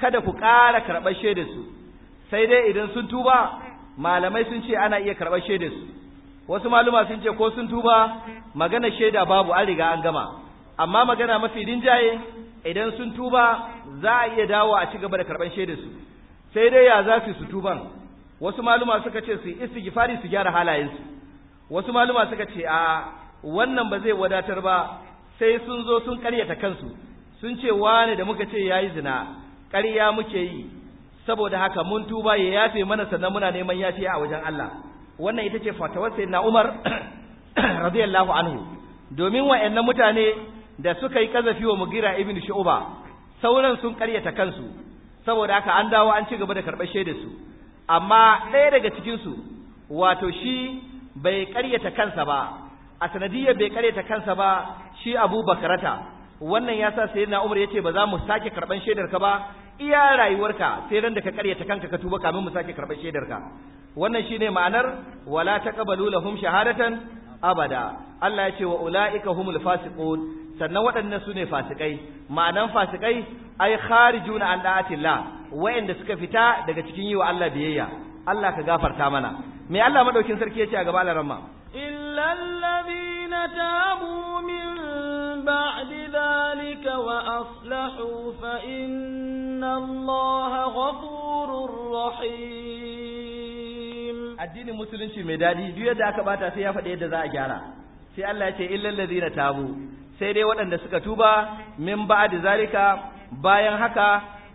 kada ku ƙara karɓar shaidar su sai dai idan sun tuba malamai sun ce ana iya karɓar shaida su wasu maluma sun ce ko sun tuba magana shaida babu an riga an gama amma magana mafi rinjaye idan sun tuba za a iya dawo a ci gaba da karban da su sai dai ya za su tuban wasu maluma suka ce su istighfari su gyara halayensu wasu maluma suka ce a wannan ba zai wadatar ba sai sun zo sun karyata kansu sun ce wane da muka ce yayi zina ƙarya muke yi saboda haka mun tuba ya yafe mana sannan muna neman yafiya a wajen Allah wannan ita ce fatawar sayyidina Umar radiyallahu anhu domin wa'annan mutane da suka yi kazafi wa mugira ibn shu'ba sauran sun karyata kansu saboda haka an dawo an ci gaba da karɓar shaidar su amma ɗaya daga cikin su wato shi bai karyata kansa ba a sanadiyar bai karyata kansa ba shi Abu Bakarata wannan ya sa sai na umar ya ce ba za mu sake karɓar shaidar ka ba iya rayuwarka sai ran da ka karyata kanka ka tuba kamin mu sake shaidar ka wannan shine ma'anar wala taqabalu lahum shahadatan abada Allah ya ce wa ulaika humul fasiqun sannan waɗannan su ne fasikai ma'anan fasikai ai juna an da'atillah wa'anda suka fita daga cikin yi wa Allah biyayya Allah ka gafarta mana me Allah madaukin sarki yace a gaba ramma? illal ladina tabu min ba'di dhalika wa aslahu fa inna Allaha ghafurur rahim addinin musulunci mai dadi duk yadda aka bata sai ya faɗi yadda za a gyara sai Allah ya ce illal ladina tabu sai dai waɗanda suka tuba min da zarika bayan haka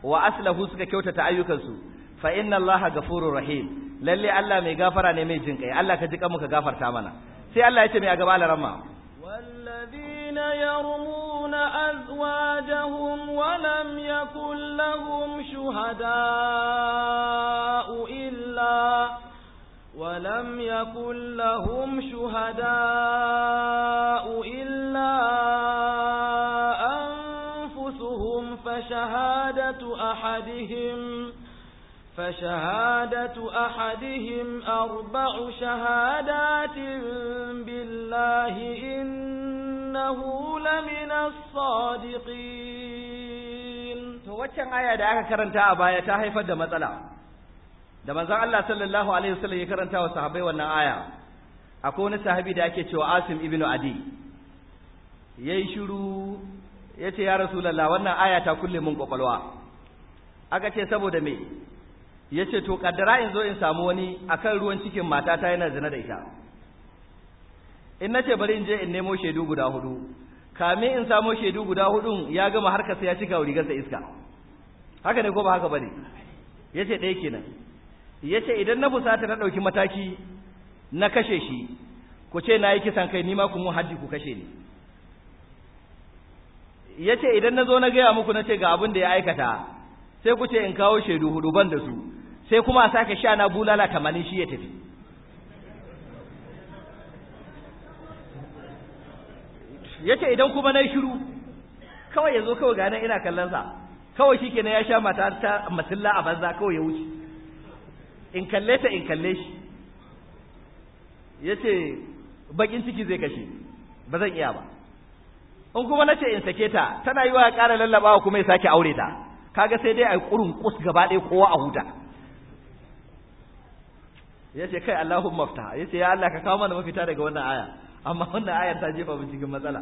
wa aslahu suka kyautata ayyukansu fa inna allaha ghafurur rahim lalle Allah mai gafara ne mai jinkai Allah ka kanmu muka gafarta mana sai Allah ya ce mai a gaba alarama walladhina yarmuna azwajahum wa lam shuhada'u illa ولم يكن لهم شهداء إلا أنفسهم فشهادة أحدهم فشهادة أحدهم أربع شهادات بالله إنه لمن الصادقين to waccan aya da aka karanta a baya da manzon Allah sallallahu alaihi wasallam ya karanta wa sahabbai wannan aya akwai wani sahabi da ake cewa Asim ibn Adi yayi shiru yace ya rasulullah wannan aya ta kulle mun kwakwalwa aka ce saboda me yace to kaddara in zo in samu wani akan ruwan cikin matata yana zina da ita in nace bari in je in nemo shaidu guda hudu kame in samo shaidu guda hudun ya gama harkar sai ya cika rigarsa iska haka ne ko ba haka bane yace ɗaya kenan yace idan na busata na ɗauki mataki na kashe shi ku ce na yi kisan kai nima ku mun haddi ku kashe ni yace idan na zo na gaya muku na ce ga abin da ya aikata sai ku ce in kawo shaidu hudu ban da su sai kuma a sake sha na bulala tamanin shi ya tafi yace idan kuma na yi shiru kawai ya zo kawai ganin ina kallon sa kawai shi na ya sha mata ta masilla a banza kawai ya wuce in kalle ta in kalle shi ya ce bakin ciki zai kashe ba zan iya ba in kuma na ce in sake ta tana yi wa ya ƙara lallabawa kuma ya sake aure ta kaga sai dai a yi ƙurin kus gaba ɗaya kowa a huta ya ce kai Allahun mafta ya ce ya Allah ka kawo mana mafita daga wannan aya amma wannan ayar ta jefa mu cikin matsala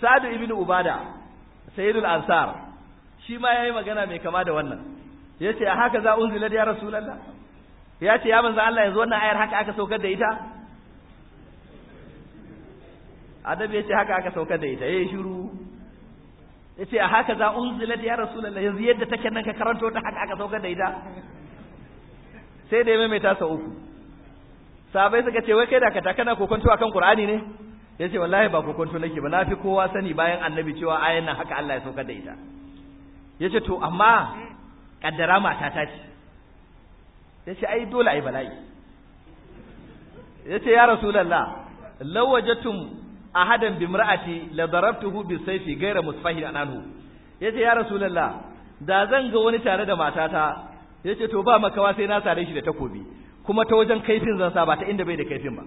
Sa'adu ibn Ubada sayyidul Ansar shi ma yayi magana mai kama da wannan yace a haka za unzila ya rasulullah yace ya manzo Allah yanzu wannan ayar haka aka saukar da ita adabi yace haka aka saukar da ita yi shiru yace a haka za unzila ya rasulullah yanzu yadda take nan ka karanto ta haka aka saukar da ita sai da ya maimaita sau uku sabai suka ce wai kai da ka ta kana kokonto akan qur'ani ne yace wallahi ba kokonto nake ba na fi kowa sani bayan annabi cewa ayan nan haka Allah ya saukar da ita yace to amma kaddara mata ta ce yace ai dole ai bala'i yace ya rasulullah tun a ahadan bi imra'ati la darabtuhu bi saifi gaira musfahin anhu yace ya rasu lalla, da zan ga wani tare da matata yace to ba makawa sai na sare shi da takobi kuma ta wajen kaifin zan sa ba ta inda bai da kaifin ba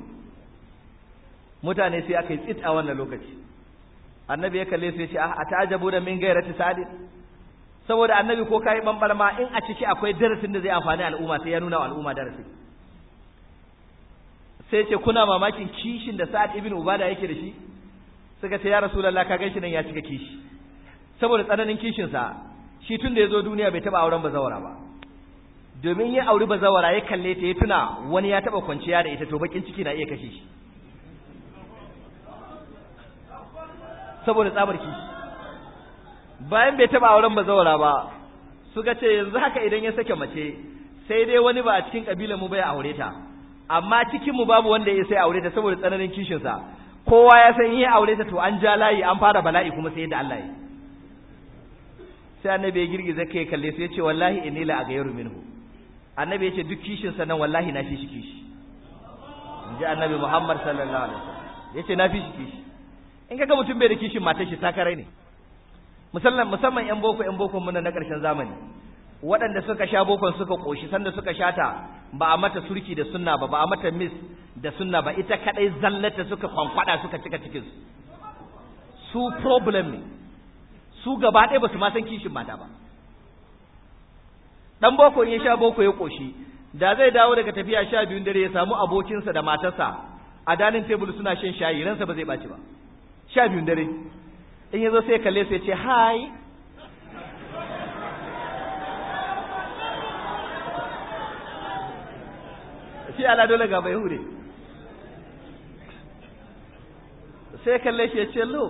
mutane sai aka yi tsit a wannan lokaci annabi ya kalle sai ce ah, a ta ajabu da min ghayrati sadin? saboda annabi ko kai bambarma in a ciki akwai darasin da zai amfani al'umma sai ya nuna wa al'umma darasi sai ce kuna mamakin kishin da Sa'ad ibn Ubada yake da shi suka ce ya Rasulullah ka ganshi nan ya cika kishi saboda tsananin kishin sa shi tun da yazo duniya bai taba auren bazawara ba domin ya auri bazawara ya kalle ta ya tuna wani ya taba kwanciya da ita to bakin ciki na iya kashe shi saboda tsabar kishi bayan bai taba auren bazawara ba suka ce yanzu haka idan ya sake mace sai dai wani ba a cikin kabilar mu bai aure ta amma cikin mu babu wanda ya sai aure ta saboda tsananin kishin sa kowa ya san yi aure ta to an ja layi an fara bala'i kuma sai da Allah ya sai annabi ya girgiza kai kalle sai ya ce wallahi inni la aghayru minhu annabi ya ce duk kishin sa nan wallahi na fi shi kishi inji annabi Muhammad sallallahu alaihi wasallam yace na fi shi kishi in kaga mutum bai da kishin matar shi takarai ne musamman musamman yan boko yan boko mun na karshen zamani waɗanda suka sha bokon suka koshi sanda suka shata ta ba a mata surki da sunna ba ba a mata mis da sunna ba ita kadai zallata suka kwankwada suka cika cikin su problem ne su gaba ɗaya ba su ma san kishin mata ba dan boko ya sha boko ya koshi da zai dawo daga tafiya sha biyun dare ya samu abokinsa da matarsa a danin tebul suna shan shayi ransa ba zai ɓaci ba sha biyun dare in yazo sai kalle sai ce hi shi ala dole ga bai hure sai kalle shi ya ce lo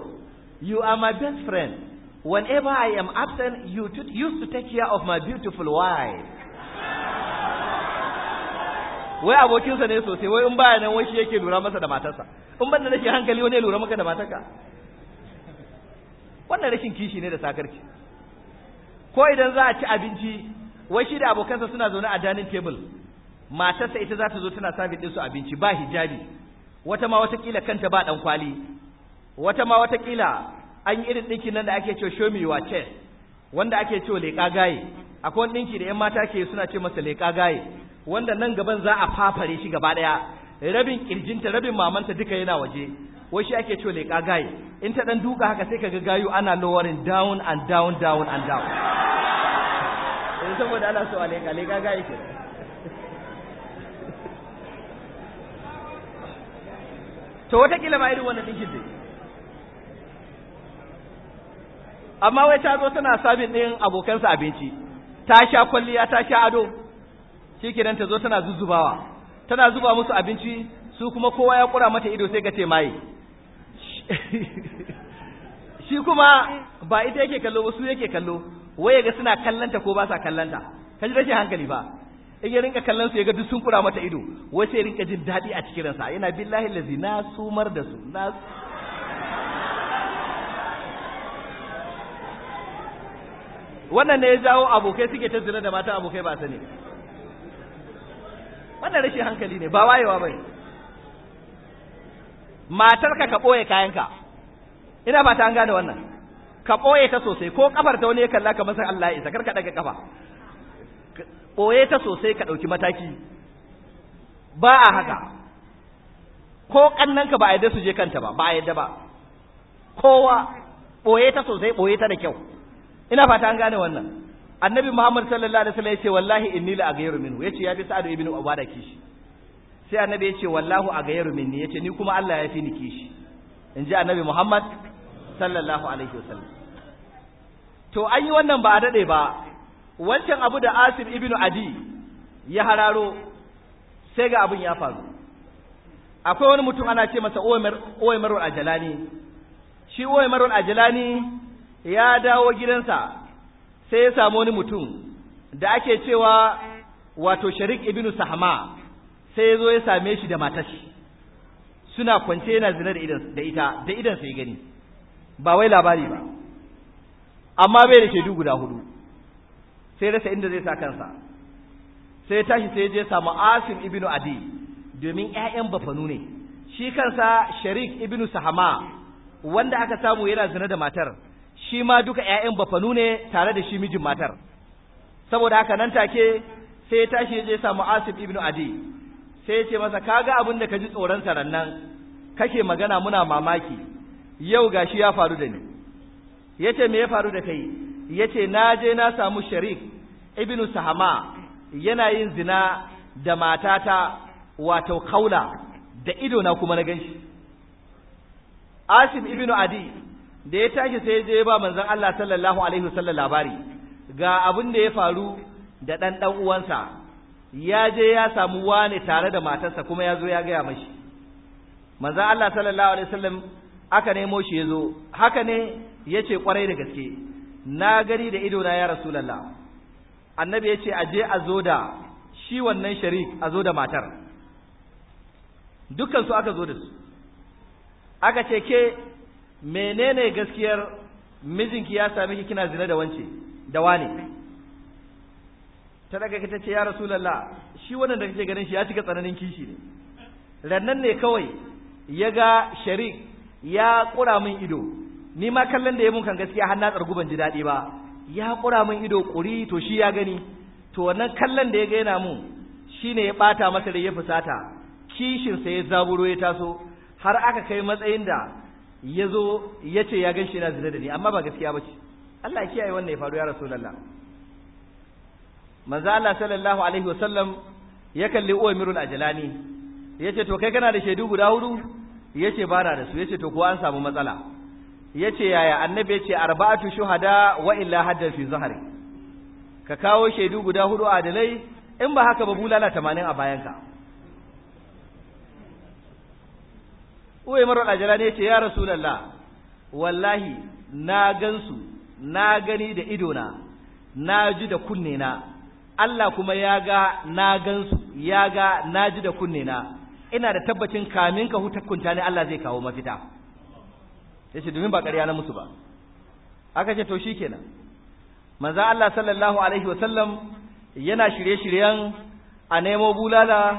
you are my best friend whenever I am absent, you used to take care of my beautiful wife. Wai abokinsa ne sosai, wai in baya nan wai shi yake lura masa da matarsa. In ban da nake hankali wani ya lura maka da matarka. wannan rashin kishi ne da sakarci ko idan za a ci abinci wai shi da abokansa suna zaune a dining table matarsa ita za ta zo tana din ɗinsu abinci ba hijabi wata ma watakila kanta ba ɗan kwali wata ma watakila an yi irin ɗinkin nan da ake cewa show me chest wanda ake cewa leƙa gaye akwai ɗinki da 'yan mata ke suna ce masa leƙa gaye wanda nan gaban za a fafare shi gaba ɗaya rabin ƙirjinta rabin mamanta duka yana waje wai shi ake cewa leƙa gaye in ta dan duka haka sai kaga gayu ana lowering down and down down and down eh saboda ana so a leƙa leƙa gaye ke to wata kila ma irin wannan dinkin dai amma wai ta zo tana sabin din abokansa abinci ta sha kwalliya ta sha ado kenan ta zo tana zuzzubawa tana zuba musu abinci su kuma kowa ya kura mata ido sai ga ce maye shi kuma ba ita yake kallo ba su yake kallo waye ga suna kallanta ko ba sa kallanta ji rashin hankali ba in ya rinka kallon su ya ga duk sun kura mata ido wai sai rinka jin daɗi a cikin ransa yana billahi lazi na sumar da su na wannan ne ya jawo abokai suke ta zina da mata abokai ba sani wannan rashin hankali ne ba wayewa bane matarka ka ɓoye kayanka ina ba ta an gane wannan ka ɓoye ta sosai ko kafar ta wani ya kalla ka masa Allah ya isa kar ka daga kafa ɓoye ta sosai ka ɗauki mataki ba a haka ko ƙannanka ba a yadda su je kanta ba ba a yadda ba kowa ɓoye ta sosai ɓoye ta da kyau ina fata an gane wannan annabi muhammad sallallahu alaihi wasallam ya ce wallahi inni la aghayru minhu yace ya bi sa'ad ibn ubada kishi sai annabi ya ce wallahu a gayar minni ya ce ni kuma Allah ya fi ni kishi in ji annabi Muhammad sallallahu alaihi wasallam to an yi wannan ba a daɗe ba wancan abu da Asif ibn Adi ya hararo sai ga abin ya faru akwai wani mutum ana ce masa Umarul Ajlani shi Umarul Ajalani ya dawo gidansa sai ya samu wani mutum da ake cewa wato Sharik ibn Sahma sai ya zo ya same shi da matar shi suna kwance yana zina da idan da ita da idan sai gani ba wai labari ba amma bai da shaidu guda hudu sai rasa inda zai sa kansa sai ya tashi sai ya je samu Asim ibnu Adi domin ƴaƴan bafanu ne shi kansa Sharik ibnu Sahama wanda aka samu yana zina da matar shi ma duka ƴaƴan bafanu ne tare da shi mijin matar saboda haka nan take sai ya tashi ya je samu Asim ibnu Adi sai ya ce masa kaga abin da ka ji tsoron saran nan kake magana muna mamaki yau gashi ya faru da ni yace me ya faru da kai yace na je na samu sharik ibnu sahama yana yin zina da matata wato kaula da ido na kuma na ganshi Asim ibnu Adi da ya tashi sai je ba manzon Allah sallallahu alaihi wasallam labari ga abin da ya faru da dan dan uwansa ya je ya samu wane tare da matarsa kuma ya zo ya gaya mashi manzan Allah sallallahu alaihi wasallam aka nemo shi ya zo haka ne ya ce kwarai da gaske na gani da na ya rasulallah annabi ya ce a je a zo da shi wannan sharik a zo da matar su aka zo da su aka ce ke menene gaskiyar mijinki ya sami ki kina zina da wance da wane sadaka ka ce ya rasulullah shi wannan da kake ganin shi ya cika tsananin kishi ne rannan ne kawai ya ga sharik ya kura min ido ni ma kallon da ya mun kan gaskiya har na tsargu ban ji daɗi ba ya kura min ido kuri to shi ya gani to wannan kallon da ya ga yana mun shine ya bata masa da ya fusata kishin sa ya zaburo ya taso har aka kai matsayin da ya zo ya ce ya gan shi yana zina da ni amma ba gaskiya ba ce Allah ya kiyaye wannan ya faru ya rasulullah manzo Allah sallallahu alaihi wasallam ya kalli Umirul Ajlani yace to kai kana da shaidu guda hudu yace ba da su yace to ko an samu matsala yace yaya annabi yace arba'atu shuhada wa illa hadda fi zahri ka kawo shaidu guda hudu adalai in ba haka ba bulala tamanin a bayanka Umirul Ajlani yace ya rasulullah wallahi na gansu na gani da idona na ji da kunne na Allah kuma ya ga na gansu ya ga na ji da kunne na ina da tabbacin kamin ka kunta ne Allah zai kawo mafita yace domin ba ƙarya na musu ba aka ce to shi kenan. Manza Allah sallallahu alaihi wa sallam yana shirye-shiryen a nemo bulala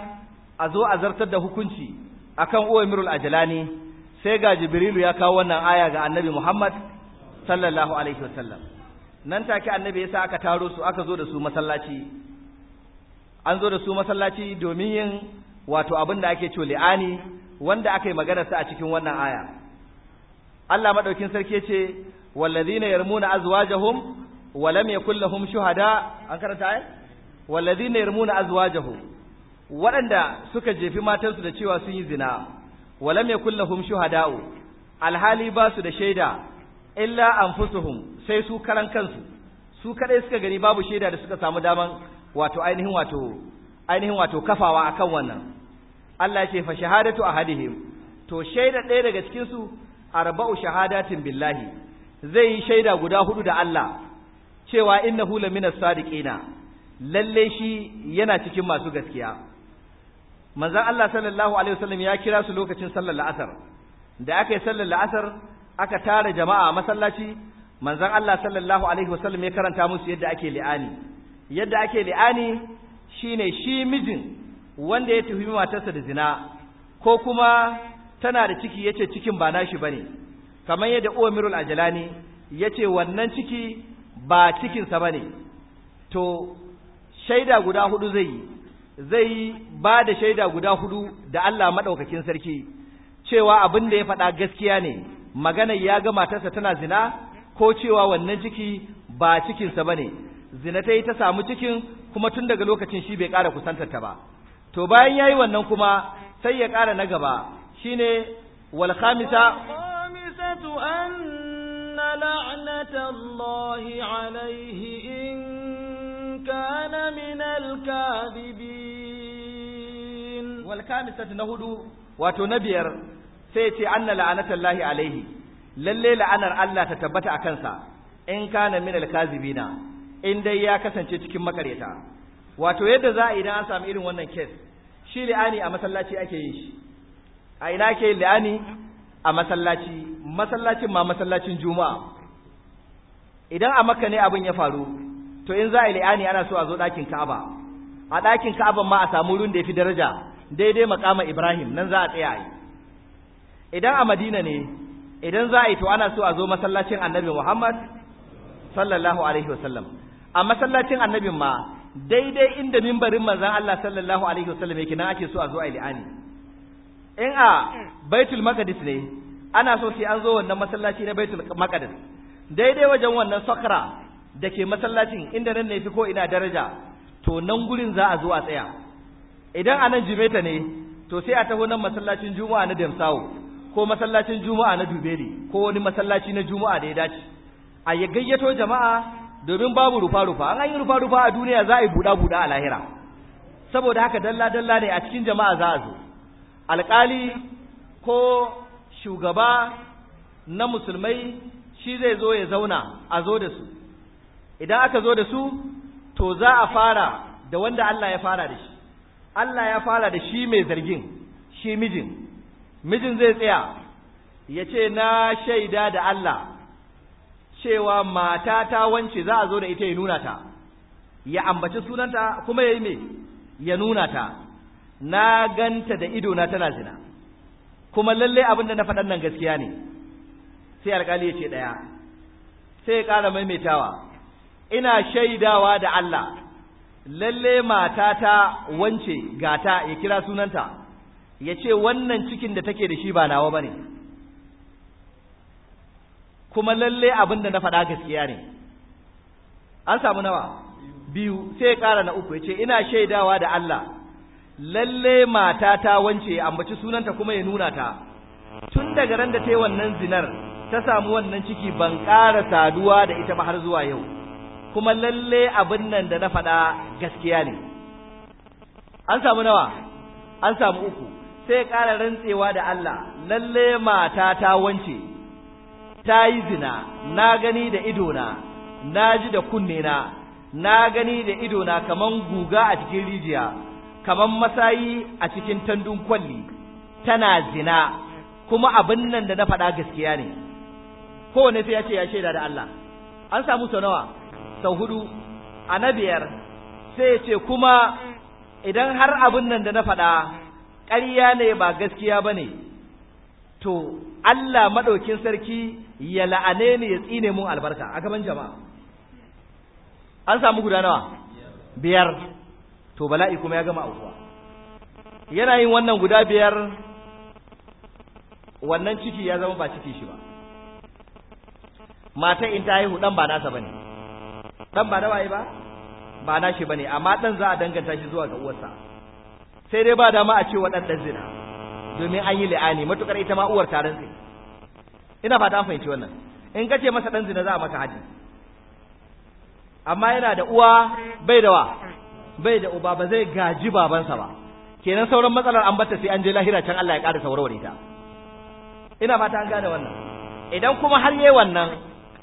a zo a zartar da hukunci akan Uwairul Ajlani sai ga Jibrilu ya kawo wannan aya ga Annabi Muhammad sallallahu alaihi wa sallam nan take annabi yasa aka taro su aka zo da su masallaci an zo da su masallaci domin yin wato abin da ake cewa li'ani wanda aka yi magana sa a cikin wannan aya Allah madaukin sarki yace wallazina yarmuna azwajahum wa lam yakul lahum shuhada an karanta ayat wallazina yarmuna azwajahum waɗanda suka jefi matansu da cewa sun yi zina wa lam yakul lahum shuhada'u alhali ba su da shaida illa anfusuhum sai su karan kansu su kadai suka gani babu shaida da suka samu daman wato ainihin wato ainihin wato kafawa akan wannan Allah ce fa shahadatu ahadihim to shaida ɗaya daga cikin su arba'u shahadatin billahi zai yi shaida guda hudu da Allah cewa innahu lamina sadiqina lalle shi yana cikin masu gaskiya manzon Allah sallallahu alaihi wasallam ya kira su lokacin sallar la'asar da aka yi sallar la'asar aka tara jama'a masallaci manzon Allah sallallahu alaihi wasallam ya karanta musu yadda ake li'ani yadda ake li'ani shine shi mijin wanda ya tuhumi matarsa da zina ko kuma tana da ciki yace cikin ba nashi bane kamar yadda Umarul Ajlani yace wannan ciki ba cikin sa bane to shaida guda hudu zai yi zai yi ba da shaida guda hudu da Allah madaukakin sarki cewa abin da ya faɗa gaskiya ne maganar ya ga matarsa tana zina ko cewa wannan ciki ba cikinsa ba ne zina ta yi ta samu cikin kuma tun daga lokacin shi bai ƙara kusantar ta ba to bayan ya yi wannan kuma sai ya ƙara na gaba shine wal khamisa لعنة الله عليه إن كان na hudu wato na biyar. sai ce anna la'anatallahi alaihi lalle la'anar Allah ta tabbata a kansa in kana min alkazibina in dai ya kasance cikin makareta wato yadda za a idan an samu irin wannan kes shi li'ani a masallaci ake yin shi a ina ake yin li'ani a masallaci masallacin ma masallacin juma'a idan a makka ne abin ya faru to in za a yi li'ani ana so a zo ɗakin ka'aba a ɗakin ka'aban ma a samu wurin da ya fi daraja daidai makama ibrahim nan za a tsaya yi idan a madina ne idan za a yi to ana so a zo masallacin annabi muhammad sallallahu alaihi wasallam a masallacin annabin ma daidai inda mimbarin manzan Allah sallallahu alaihi wasallam yake nan ake so a zo a li'ani in a baitul maqdis ne ana so sai an zo wannan masallaci na baitul maqdis daidai wajen wannan sakra da ke masallacin inda nan ne fi ko ina daraja to nan gurin za a zo a tsaya idan a nan jimeta ne to sai a taho nan masallacin juma'a na damsawo ko masallacin juma'a na dube ne ko wani masallaci na juma'a da ya dace a yi gayyato jama'a domin babu rufa-rufa an yi rufa-rufa a duniya za a yi buɗa-buɗa a lahira saboda haka dalla-dalla ne a cikin jama'a za a zo alƙali ko shugaba na musulmai shi zai zo ya zauna a zo da su idan aka zo da su to za a fara da wanda Allah ya fara da shi Allah ya fara da shi mai zargin shi mijin mijin zai tsaya ya ce na shaida da Allah cewa mata ta wance za a zo da ita ya nuna ta ya ambaci sunanta kuma ya yi me ya nuna ta na ganta da ido na tana zina kuma lalle abin da na faɗan nan gaskiya ne sai alkali ya ce ɗaya sai ya ƙara maimaitawa ina shaidawa da Allah lalle matata wance gata ya kira sunanta ya ce wannan cikin da take da shi ba nawa ba ne kuma lalle abin da na faɗa gaskiya ne an samu nawa biyu sai ya ƙara na uku ya ce ina shaidawa da Allah lalle mata ta wance ambaci sunanta kuma ya nuna ta tun daga ran da ta yi wannan zinar ta samu wannan ciki ban ƙara saduwa da ita ba har zuwa yau kuma lalle abin nan da na faɗa gaskiya ne an samu nawa an samu uku sai ƙara rantsewa da Allah lalle mata ta wance ta yi zina na gani da idona na ji da kunne na na gani da idona kaman guga a cikin rijiya kaman masayi a cikin tandun kwalli tana zina kuma abin nan da na faɗa gaskiya ne kowane sai ya ce ya shaida da Allah an samu sau nawa sau hudu a na biyar sai ya ce kuma idan har abin nan da na faɗa ƙarya ne ba gaskiya ba ne to Allah maɗaukin sarki ya la'ane ni ya tsine mun albarka a gaban jama'a an samu guda biyar to bala'i kuma ya gama aukuwa yana yin wannan guda biyar wannan ciki ya zama ba ciki shi ba mata in ta haihu dan ba nasa bane dan ba nawa yi ba ba nashi bane amma ɗan za a danganta shi zuwa ga uwarsa sai dai ba dama a ce wa ɗan zina domin an yi li'ani matukar ita ma uwar taron zina ina fata an fahimci wannan in ka ce masa ɗan zina za a maka haji amma yana da uwa bai da wa bai da uba ba zai gaji babansa ba kenan sauran matsalar an bata sai an je lahira can Allah ya ƙara saurawar ita ina fata an gane wannan idan kuma har yayi wannan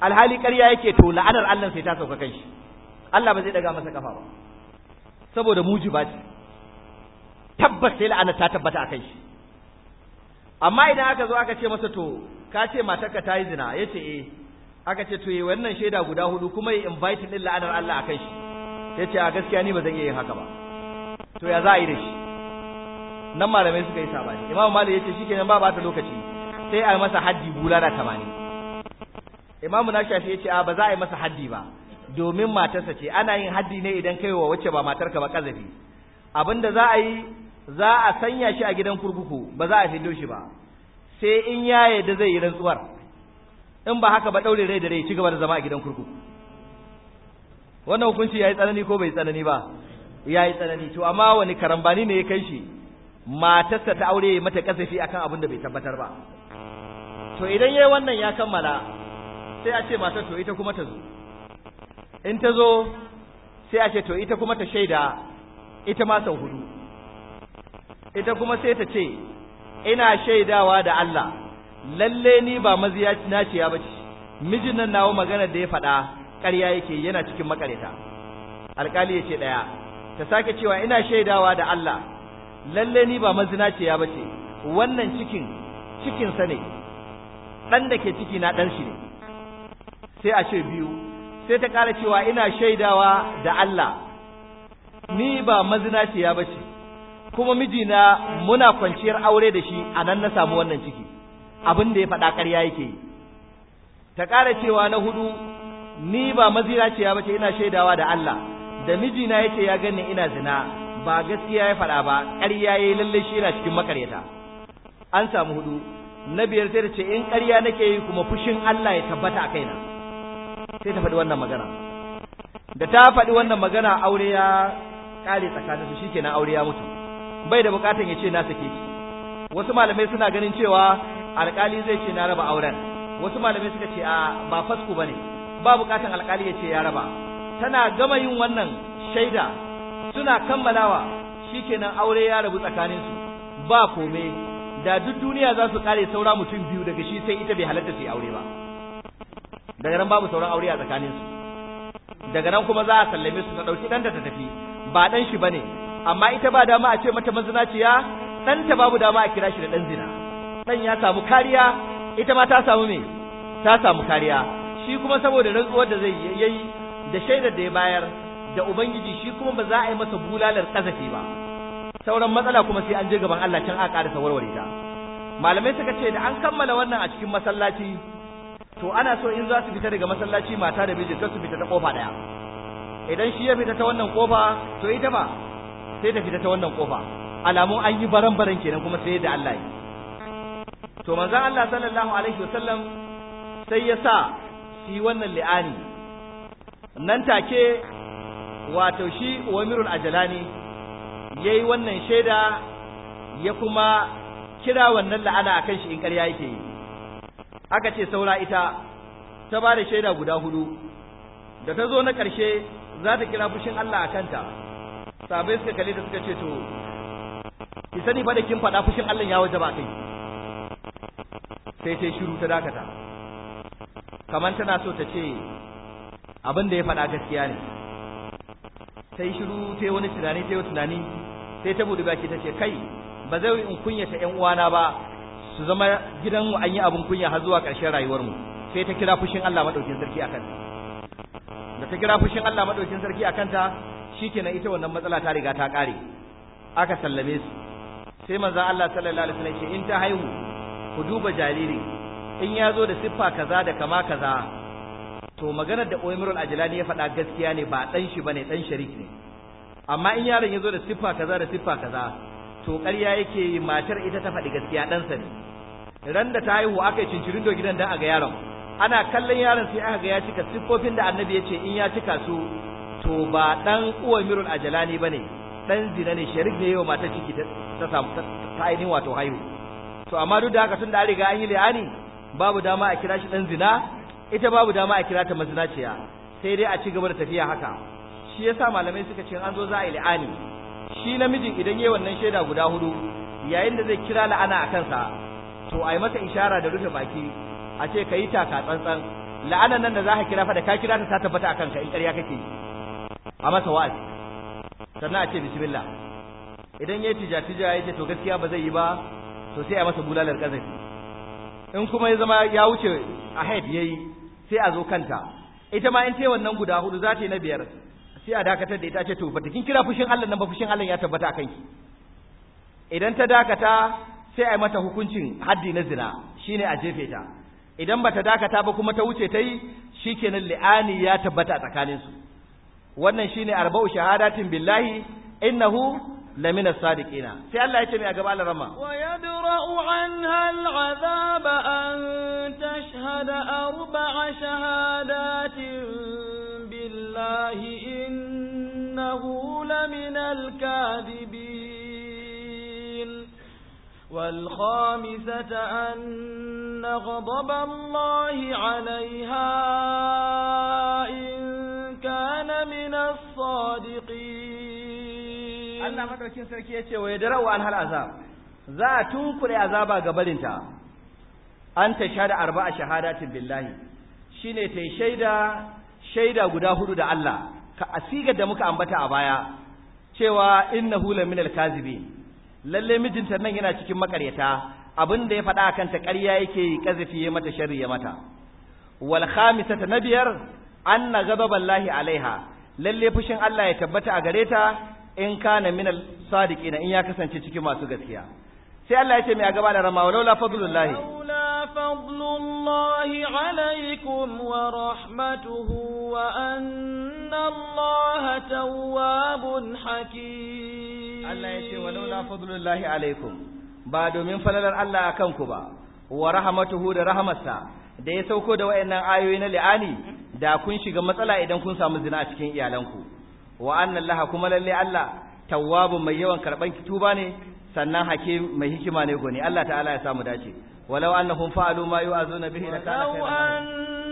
alhali ƙarya yake to la'anar Allah sai ta sauka kai shi Allah ba zai daga masa kafa ba saboda mujiba ce tabbas sai la'ana ta tabbata a kai shi amma idan aka zo aka ce masa to ka ce matarka ta yi zina ya ce eh aka ce to yi eh, wannan shaida guda hudu kuma yi invite din la'anar Allah a kai shi ya ce a gaskiya ni ba zan iya yin haka ba to ya za a yi da shi nan malamai suka yi sabani imam malik ya ce shi kenan ba ba ta lokaci sai a yi masa haddi bulala tamanin Imam na shafi ya ce a ba za a yi masa haddi ba domin matarsa ce ana yin haddi ne idan kai wa wacce ba matarka ba kazafi Abin da za a yi za a sanya shi a gidan kurkuku ba za a fito shi ba sai in ya yadda zai yi rantsuwar in ba haka ba ɗaure rai da rai ci gaba da zama a gidan kurkuku wannan hukunci ya yi tsanani ko bai tsanani ba yayi tsanani to amma wani karambani ne ya kai shi matarsa ta aure mata kasafi akan abin da bai tabbatar ba to idan yayi wannan ya kammala sai a ce matar to ita kuma ta zo in ta zo sai a ce to ita kuma ta shaida ita ma sau hudu ita kuma sai ta ce ina shaidawa da Allah lalle ni ba maziyaci ya bace mijin nan nawo magana da ya faɗa ƙarya yake yana cikin makareta alƙali ya ce ɗaya ta sake cewa ina shaidawa da Allah lalle ni ba mazinaciya bace wannan cikin cikin sa ne ɗan da ke ciki na ɗan shi ne sai a ce biyu sai ta ƙara cewa ina shaidawa da Allah ni ba mazinaciya ba ce kuma mijina muna kwanciyar aure da shi a nan na samu wannan ciki abin da ya faɗa ƙarya yake yi ta ƙara cewa na hudu ni ba mazinaciya ba ce ina shaidawa da Allah da mijina ya ce ya gani ina zina ba gaskiya ya faɗa ba ƙarya ya yi lallai shi yana cikin makaryata an samu hudu na biyar sai da ce in ƙarya nake yi kuma fushin Allah ya tabbata a kaina sai ta faɗi wannan magana da ta faɗi wannan magana aure ya kare tsakanin su shikenan aure ya mutu bai da bukatan ya ce na sake shi wasu malamai suna ganin cewa alkali zai ce na raba auren wasu malamai suka ce a ba fasku bane ba bukatan alkali ya ce ya raba tana gama yin wannan shaida suna kammalawa shikenan aure ya rabu tsakanin su ba kome da duk duniya za su kare saura mutum biyu daga shi sai ita bai halatta su aure ba daga nan babu sauran aure a tsakanin su daga nan kuma za a sallame su na dauki ɗan da ta tafi ba dan shi bane amma ita ba dama a ce mata mazinaciya ɗanta babu dama a kira shi da ɗan zina ɗan ya samu kariya ita ma ta samu me ta samu kariya shi kuma saboda rantsuwar da zai yi da shaidar da ya bayar da ubangiji shi kuma ba za a yi masa bulalar kazafi ba sauran matsala kuma sai an je gaban Allah can a ƙarasa warware ta malamai suka ce da an kammala wannan a cikin masallaci to ana so in za su fita daga masallaci mata da miji su fita ta kofa daya idan shi ya fita ta wannan kofa to ita ba sai ta fita ta wannan kofa alamun an yi baran baran kenan kuma sai da Allah yi to manzon Allah sallallahu alaihi wasallam sai ya sa shi wannan li'ani nan take wato shi Uwamirul Ajalani yayi wannan shaida ya kuma kira wannan la'ana akan shi in ƙarya yake yi aka ce saura ita ta ba da shaida guda hudu da ta zo na ƙarshe za ta kira fushin Allah a kanta sabai suka kalli da suka ce to ki sani fa da kin faɗa fushin Allah ya wajaba kai sai ta shiru ta dakata kamar tana so ta ce abin da ya faɗa gaskiya ne ta yi shiru ta yi wani tunani ta yi tunani sai ta buɗe baki ta ce kai ba zai in kunyata ƴan uwana ba su zama gidan mu an yi abin kunya har zuwa ƙarshen rayuwarmu sai ta kira fushin Allah maɗaukin sarki a kanta da ta kira fushin Allah madaukin sarki akan ta shikenan ita wannan matsala ta riga ta kare aka sallame su sai manzon Allah sallallahu alaihi wasallam ce in ta haihu ku duba jariri in ya zo da siffa kaza da kama kaza to maganar da Umarul Ajlani ya faɗa gaskiya ne ba dan shi bane dan shariki ne amma in yaron ya zo da siffa kaza da siffa kaza to ƙarya yake matar ita ta faɗi gaskiya ɗansa ne ran da ta haihu aka yi cincirin do gidan dan a ga yaron ana kallon yaron sai aka ga ya cika siffofin da annabi ya ce in ya cika su to ba dan uwamirul ajalani bane dan zina ne sharik ne yau mata ciki ta samu ta ainihin wato haihu to amma duk da haka tun da an riga an yi la'ani babu dama a kira shi dan zina ita babu dama a kira ta mazinaciya sai dai a ci gaba da tafiya haka shi yasa malamai suka ce an zo za a yi la'ani shi namijin idan yayi wannan shaida guda hudu yayin da zai kira la'ana a kansa to a masa ishara da rufe baki a ce ka yi taka tsantsan la'anan nan da za ka kira fa da ka kira ta ta tabbata a kanka in ƙarya kake yi a masa wa'azi sannan a ce bismillah idan ya tija tija ya ce to gaskiya ba zai yi ba to sai a masa bulalar kazafi in kuma ya zama ya wuce a ya yi, sai a zo kanta ita ma in ce wannan guda hudu za ta yi na biyar sai a dakatar da ita ce to bata kin kira fushin Allah nan ba fushin Allah ya tabbata a kanki idan ta dakata sai a yi mata hukuncin haddi na zina shine a jefe ta idan ba ta dakata ba kuma ta wuce ta yi shi kenan li'ani ya tabbata a tsakaninsu wannan shi ne arba'u shahadatin billahi in nahu lamina as-sadiqina sai Allah ya ce mai a gaba alrama wa yadra'u anha al-'adhab an tashhada arba'a shahadatin billahi in nahu laminal al والخامسة أن غضب الله عليها إن كان من الصادقين الله مدركين سركية ويدروا عنها العذاب ذا تنكر عذابا قبلنتا أن تشهد أربع شهادات بالله shine ta shaida shaida guda hudu da Allah ka asigar da muka ambata a baya cewa innahu laminal kazibin lalle mijinta nan yana cikin makaryata abin da ya faɗa kan ta ƙarya yake kazafi ya mata sharri ya mata wal khamisata na anna ghadaballahi alaiha lalle fushin Allah ya tabbata a gare ta in kana min sadiqina in ya kasance cikin masu gaskiya sai Allah ya ce mai gaba da rama walaula fadlullahi walaula fadlullahi alaikum wa rahmatuhu wa anna Allah tawwabun hakim Allah ya ce walaula fadlullahi alaikum ba domin falalar Allah akan ku ba wa rahmatuhu da rahmatsa da ya sauko da wayannan ayoyi na li'ani da kun shiga matsala idan kun samu zina a cikin iyalanku wa anna Allah kuma lalle Allah tawwabun mai yawan karban kituba ne sannan hakim mai hikima ne gone Allah ta'ala ya samu dace walau annahum fa'alu ma yu'azuna bihi la kana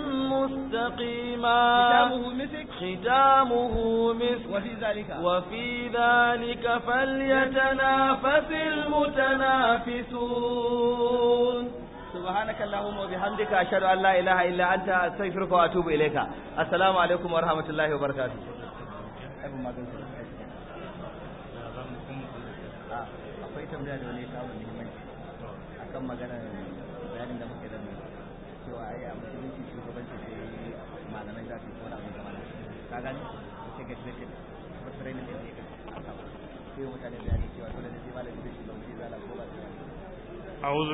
مستقيما ختامه مسك ختامه مسك وفي ذلك وفي ذلك فليتنافس المتنافسون سبحانك اللهم وبحمدك أشهد أن لا إله إلا أنت أستغفرك وأتوب إليك السلام عليكم ورحمة الله وبركاته akwai tambaya da wani ya kawo muhimmanci akan da bayanin da muka أعوذ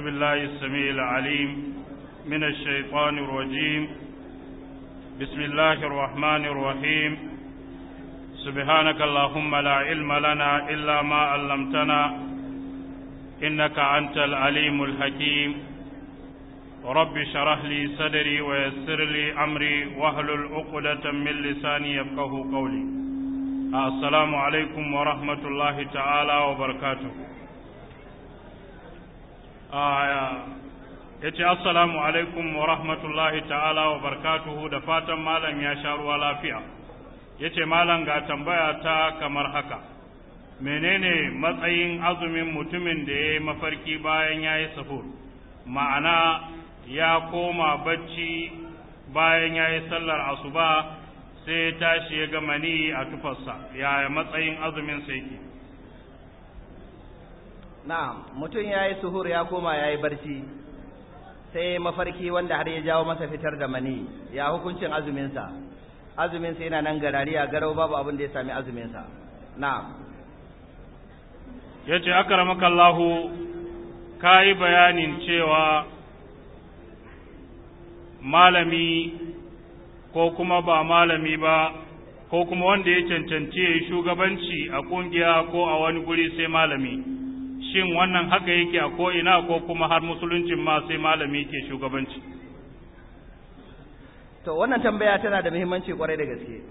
بالله السميع العليم من الشيطان الرجيم بسم الله الرحمن الرحيم سبحانك اللهم لا علم لنا إلا ما علمتنا إنك أنت العليم الحكيم رب شرح لي صدري ويسر لي أمري واهلل عقدة من لساني يفقه قولي السلام عليكم ورحمة الله تعالى وبركاته yace assalamu alaikum wa rahmatullahi ta'ala wa barakatuhu da fatan malam ya sha ruwa lafiya yace malam ga tambaya ta kamar haka menene matsayin azumin mutumin da ya yi mafarki bayan ya yi sahur ma'ana ya koma bacci bayan ya yi sallar asuba sai ya tashi ya ga mani a tufarsa yaya matsayin azumin yake na'am mutum ya yi suhur ya koma ya yi barci sai mafarki wanda har ya jawo masa fitar da mani ya hukuncin azuminsa azuminsa yana nan garari a garau babu abin da ya sami azuminsa na'am ya ce aka ramakallahu ka yi bayanin cewa malami ko kuma ba malami ba ko kuma wanda ya cancanci ya yi shugabanci a kungiya ko a wani guri sai malami shin wannan haka yake a ko'ina ko kuma har musuluncin ma sai malami ke shugabanci to wannan tambaya tana da muhimmanci kwarai da gaske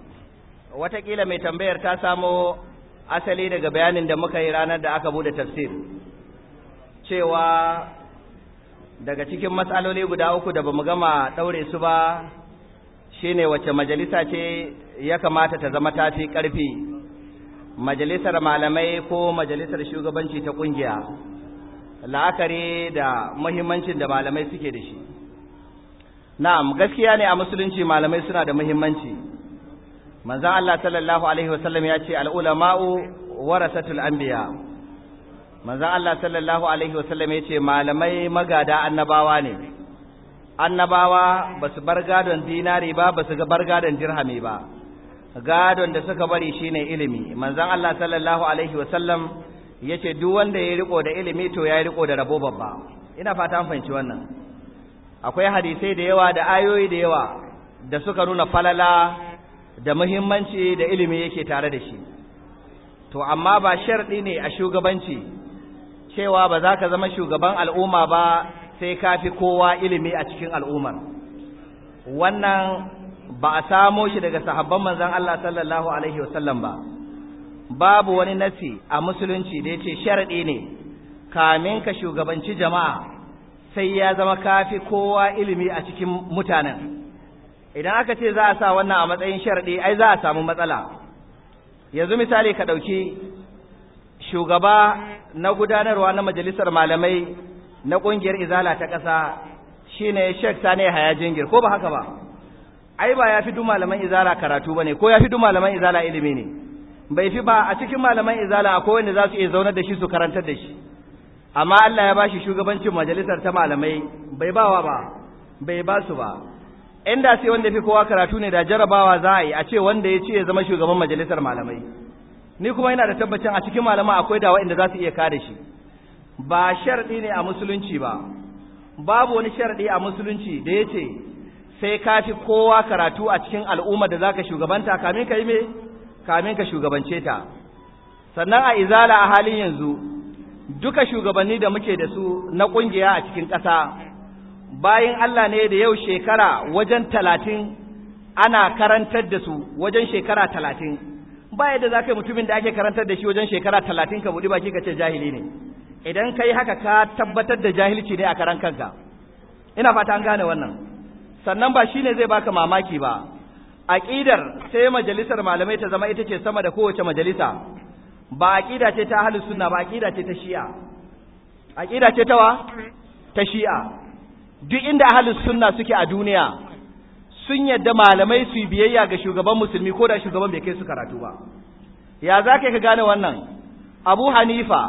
watakila mai tambayar ta samo asali daga bayanin da muka yi ranar da aka bude tafsir cewa daga cikin matsaloli guda uku da bamu gama ɗaure su ba shine wace majalisa ce ya kamata ta zama tafi karfi majalisar malamai ko majalisar shugabanci ta ƙungiya la'akari da muhimmancin da malamai suke da shi na'am gaskiya ne a musulunci malamai suna da muhimmanci manzon Allah sallallahu alaihi wasallam ya ce al ulama'u warasatul anbiya' manzon Allah sallallahu alaihi wasallam ya ce malamai magada annabawa ne annabawa ba su bar gadon dinari ba ba su bar gadon dirhami ba gadon da suka bari shine ilimi manzon Allah sallallahu alaihi wasallam ya ce duk wanda ya riko da ilimi to ya riko da rabo babba ina fata an fahimci wannan akwai hadisai da yawa da ayoyi da yawa da suka nuna falala da muhimmanci da ilimi yake tare da shi to amma ba sharɗi ne a shugabanci cewa ba za ka zama shugaban al'umma ba sai ka fi kowa ilimi a cikin al'ummar wannan ba a samo shi daga sahabban manzon Allah sallallahu alaihi wasallam ba babu wani nasi a musulunci da yace sharadi ne kamin ka shugabanci jama'a sai ya zama kafi kowa ilimi a cikin mutanen idan aka ce za a sa wannan a matsayin sharadi ai za a samu matsala yanzu misali ka ɗauki. shugaba na gudanarwa na majalisar malamai na ƙungiyar izala ta ƙasa shine shek Sani Haya Jingir ko ba haka ba ai ba ya fi du malaman izala karatu ba ne ko ya fi du malaman izala ilimi ne bai fi ba a cikin malaman izala a kowane za su iya zaunar da shi su karantar da shi amma Allah ya ba shi shugabancin majalisar ta malamai bai bawa ba bai ba su ba inda sai wanda fi kowa karatu ne da jarabawa za a yi a ce wanda ya ce ya zama shugaban majalisar malamai ni kuma yana da tabbacin a cikin malama akwai da inda za su iya kare shi ba sharɗi ne a musulunci ba babu wani sharɗi a musulunci da ya ce sai ka fi kowa karatu a cikin al'ummar da za ka shugabanta kamin ka yi me kamin ka shugabance ta sannan a izala a halin yanzu duka shugabanni da muke da su na ƙungiya a cikin ƙasa bayan Allah ne da yau shekara wajen talatin ana karantar da su wajen shekara talatin ba yadda za ka yi mutumin da ake karantar da shi wajen shekara talatin ka buɗi baki ka ce jahili ne idan ka yi haka ka tabbatar da jahilci ne a karan kanka ina fata an gane wannan sannan ba shine zai baka mamaki ba ƙidar sai majalisar malamai ta zama ita ce sama da kowace majalisa ba aƙida ce ta ahlus sunna ba aƙida ce ta shi'a aƙida ce ta ta shi'a duk inda ahlus sunna suke a duniya sun yadda malamai su biyayya ga shugaban musulmi ko da shugaban bai kai su karatu ba ya za ka gane wannan abu hanifa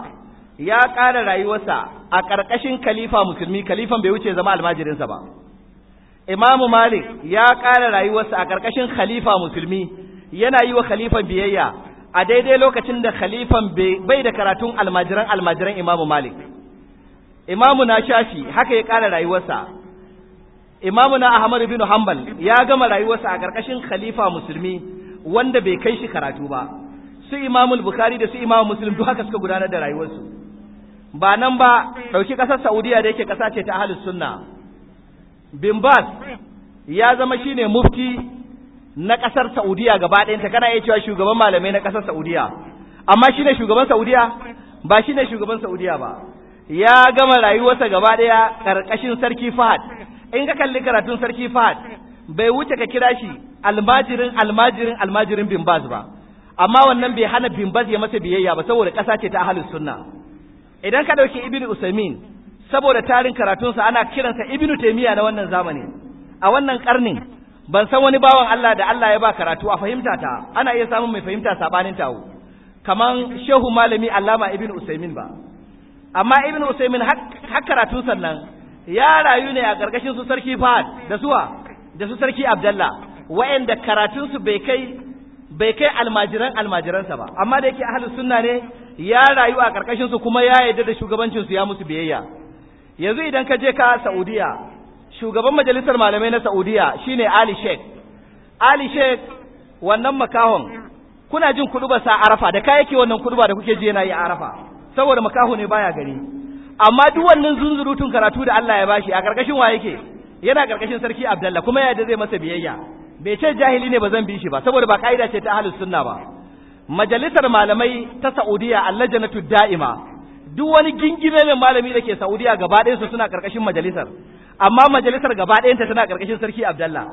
ya ƙara rayuwarsa a ƙarƙashin kalifa musulmi kalifan bai wuce zama almajirinsa ba imamu malik ya ƙara rayuwarsa a ƙarƙashin khalifa musulmi yana yi wa khalifan biyayya a daidai lokacin da khalifan bai da karatun almajiran almajiran imamu malik imamu na shafi haka ya ƙara rayuwarsa imamu na ahmad bin hanbal ya gama rayuwarsa a karkashin khalifa musulmi wanda bai kai shi karatu ba su imamu bukhari da su imamu muslim duk haka suka gudanar da rayuwarsu ba nan ba ɗauki kasar saudiya da yake kasa ce ta ahlus sunna bin bas ya zama shine mufti na kasar saudiya gaba ɗayanta kana iya cewa shugaban malamai na kasar saudiya amma shine shugaban saudiya ba shine shugaban saudiya ba ya gama rayuwarsa gaba ɗaya karkashin sarki fahad in ka kalli karatun sarki fahad bai wuce ka kira shi almajirin almajirin almajirin bin baz ba amma wannan bai hana bin baz ya masa biyayya ba saboda ƙasa ce ta ahlus sunna idan ka ɗauki ibnu usaimin saboda tarin karatunsa ana kiransa ibnu taimiya na wannan zamani a wannan karnin ban san wani bawan Allah da Allah ya ba karatu a fahimta ta ana iya samun mai fahimta saɓanin tawo kaman shehu malami allama ibnu usaimin ba amma ibnu usaimin har karatun sannan ya rayu ne a ƙarƙashin su sarki Fahad da suwa da su sarki Abdallah waɗanda karatunsu bai kai bai almajiran almajiransa ba amma da yake ahalus sunna ne ya rayu a ƙarƙashin su kuma ya yarda da shugabancin su ya musu biyayya yanzu idan ka je ka Saudiya shugaban majalisar malamai na Saudiya shine Ali Sheikh Ali Sheikh wannan makahon kuna jin kudubar sa Arafa da kai yake wannan da kuke ji yana yi Arafa saboda makaho ne baya gari amma duk wannan zunzurutun karatu da Allah ya bashi a karkashin wa yake yana karkashin sarki Abdullah kuma ya da zai masa biyayya bai ce jahili ne ba zan bi shi ba saboda ba kaida ce ta ahlus sunna ba majalisar malamai ta Saudiya al-lajnatu da'ima duk wani gingimemen malami da ke Saudiya gaba ɗayansu suna karkashin majalisar amma majalisar gaba ɗayanta tana karkashin sarki Abdullah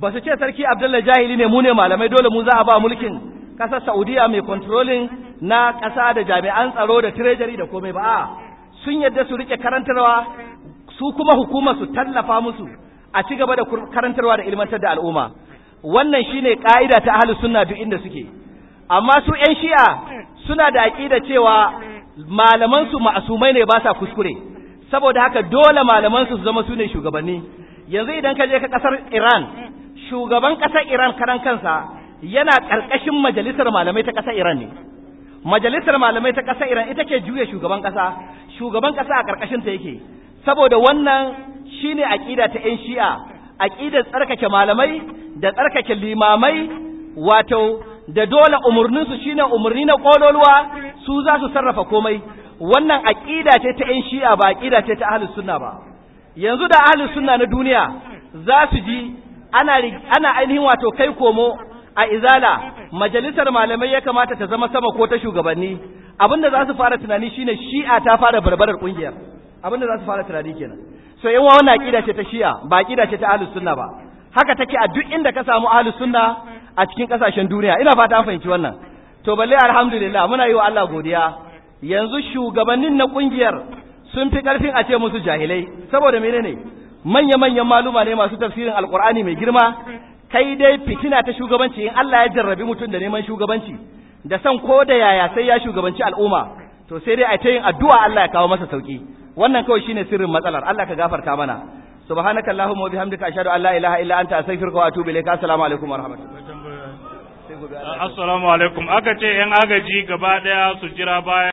ba su ce sarki Abdullah jahili ne mu ne malamai dole mu za a ba mulkin kasar Saudiya mai controlling na kasa da jami'an tsaro da treasury da komai ba sun yadda su rike karantarwa su kuma hukuma su tallafa musu a ci gaba da karantarwa da ilmantar da al'umma wannan shine ka'ida ta ahlus sunna duk inda suke amma su yan shi'a suna da aqida cewa malaman su ma'asumai ne ba sa kuskure saboda haka dole malaman su zama su ne shugabanni yanzu idan ka je ka kasar Iran shugaban kasar Iran karan kansa yana karkashin majalisar malamai ta kasar Iran ne majalisar malamai ta ƙasa iran ita ke juya shugaban ƙasa shugaban ƙasa a ƙarƙashin ta yake saboda wannan shine aƙida ta yan shi'a aƙidar tsarkake malamai da tsarkake limamai wato da dole umurnin su shine umurni na kololuwa su za su sarrafa komai wannan aƙida ce ta yan shi'a ba aƙida ce ta ahlus sunna ba yanzu da ahlus sunna na duniya za su ji ana ainihin wato kai komo a izala majalisar malamai ya kamata ta zama sama ko ta shugabanni abinda za su fara tunani shine shi'a ta fara barbarar kungiyar abinda za su fara tunani kenan so yan wa wannan aqida ce ta shi'a ba aqida ce ta ahlus sunna ba haka take a duk inda ka samu ahlus sunna a cikin kasashen duniya ina fata an fahimci wannan to balle alhamdulillah muna yi wa Allah godiya yanzu shugabannin na kungiyar sun fi karfin a ce musu jahilai saboda menene manya manyan maluma ne masu tafsirin alqur'ani mai girma sai dai fitina ta shugabanci in Allah ya jarrabi mutum da neman shugabanci da san ko da yaya sai ya shugabanci al'umma to sai dai a ta yin addu'a Allah ya kawo masa sauki wannan kawai shine sirrin matsalar Allah ka gafarta mana subhanaka allahumma wa bihamdika ashhadu an la ilaha illa anta astaghfiruka wa atubu ilayka assalamu alaikum wa rahmatullahi assalamu alaikum aka ce yan agaji gaba daya su jira baya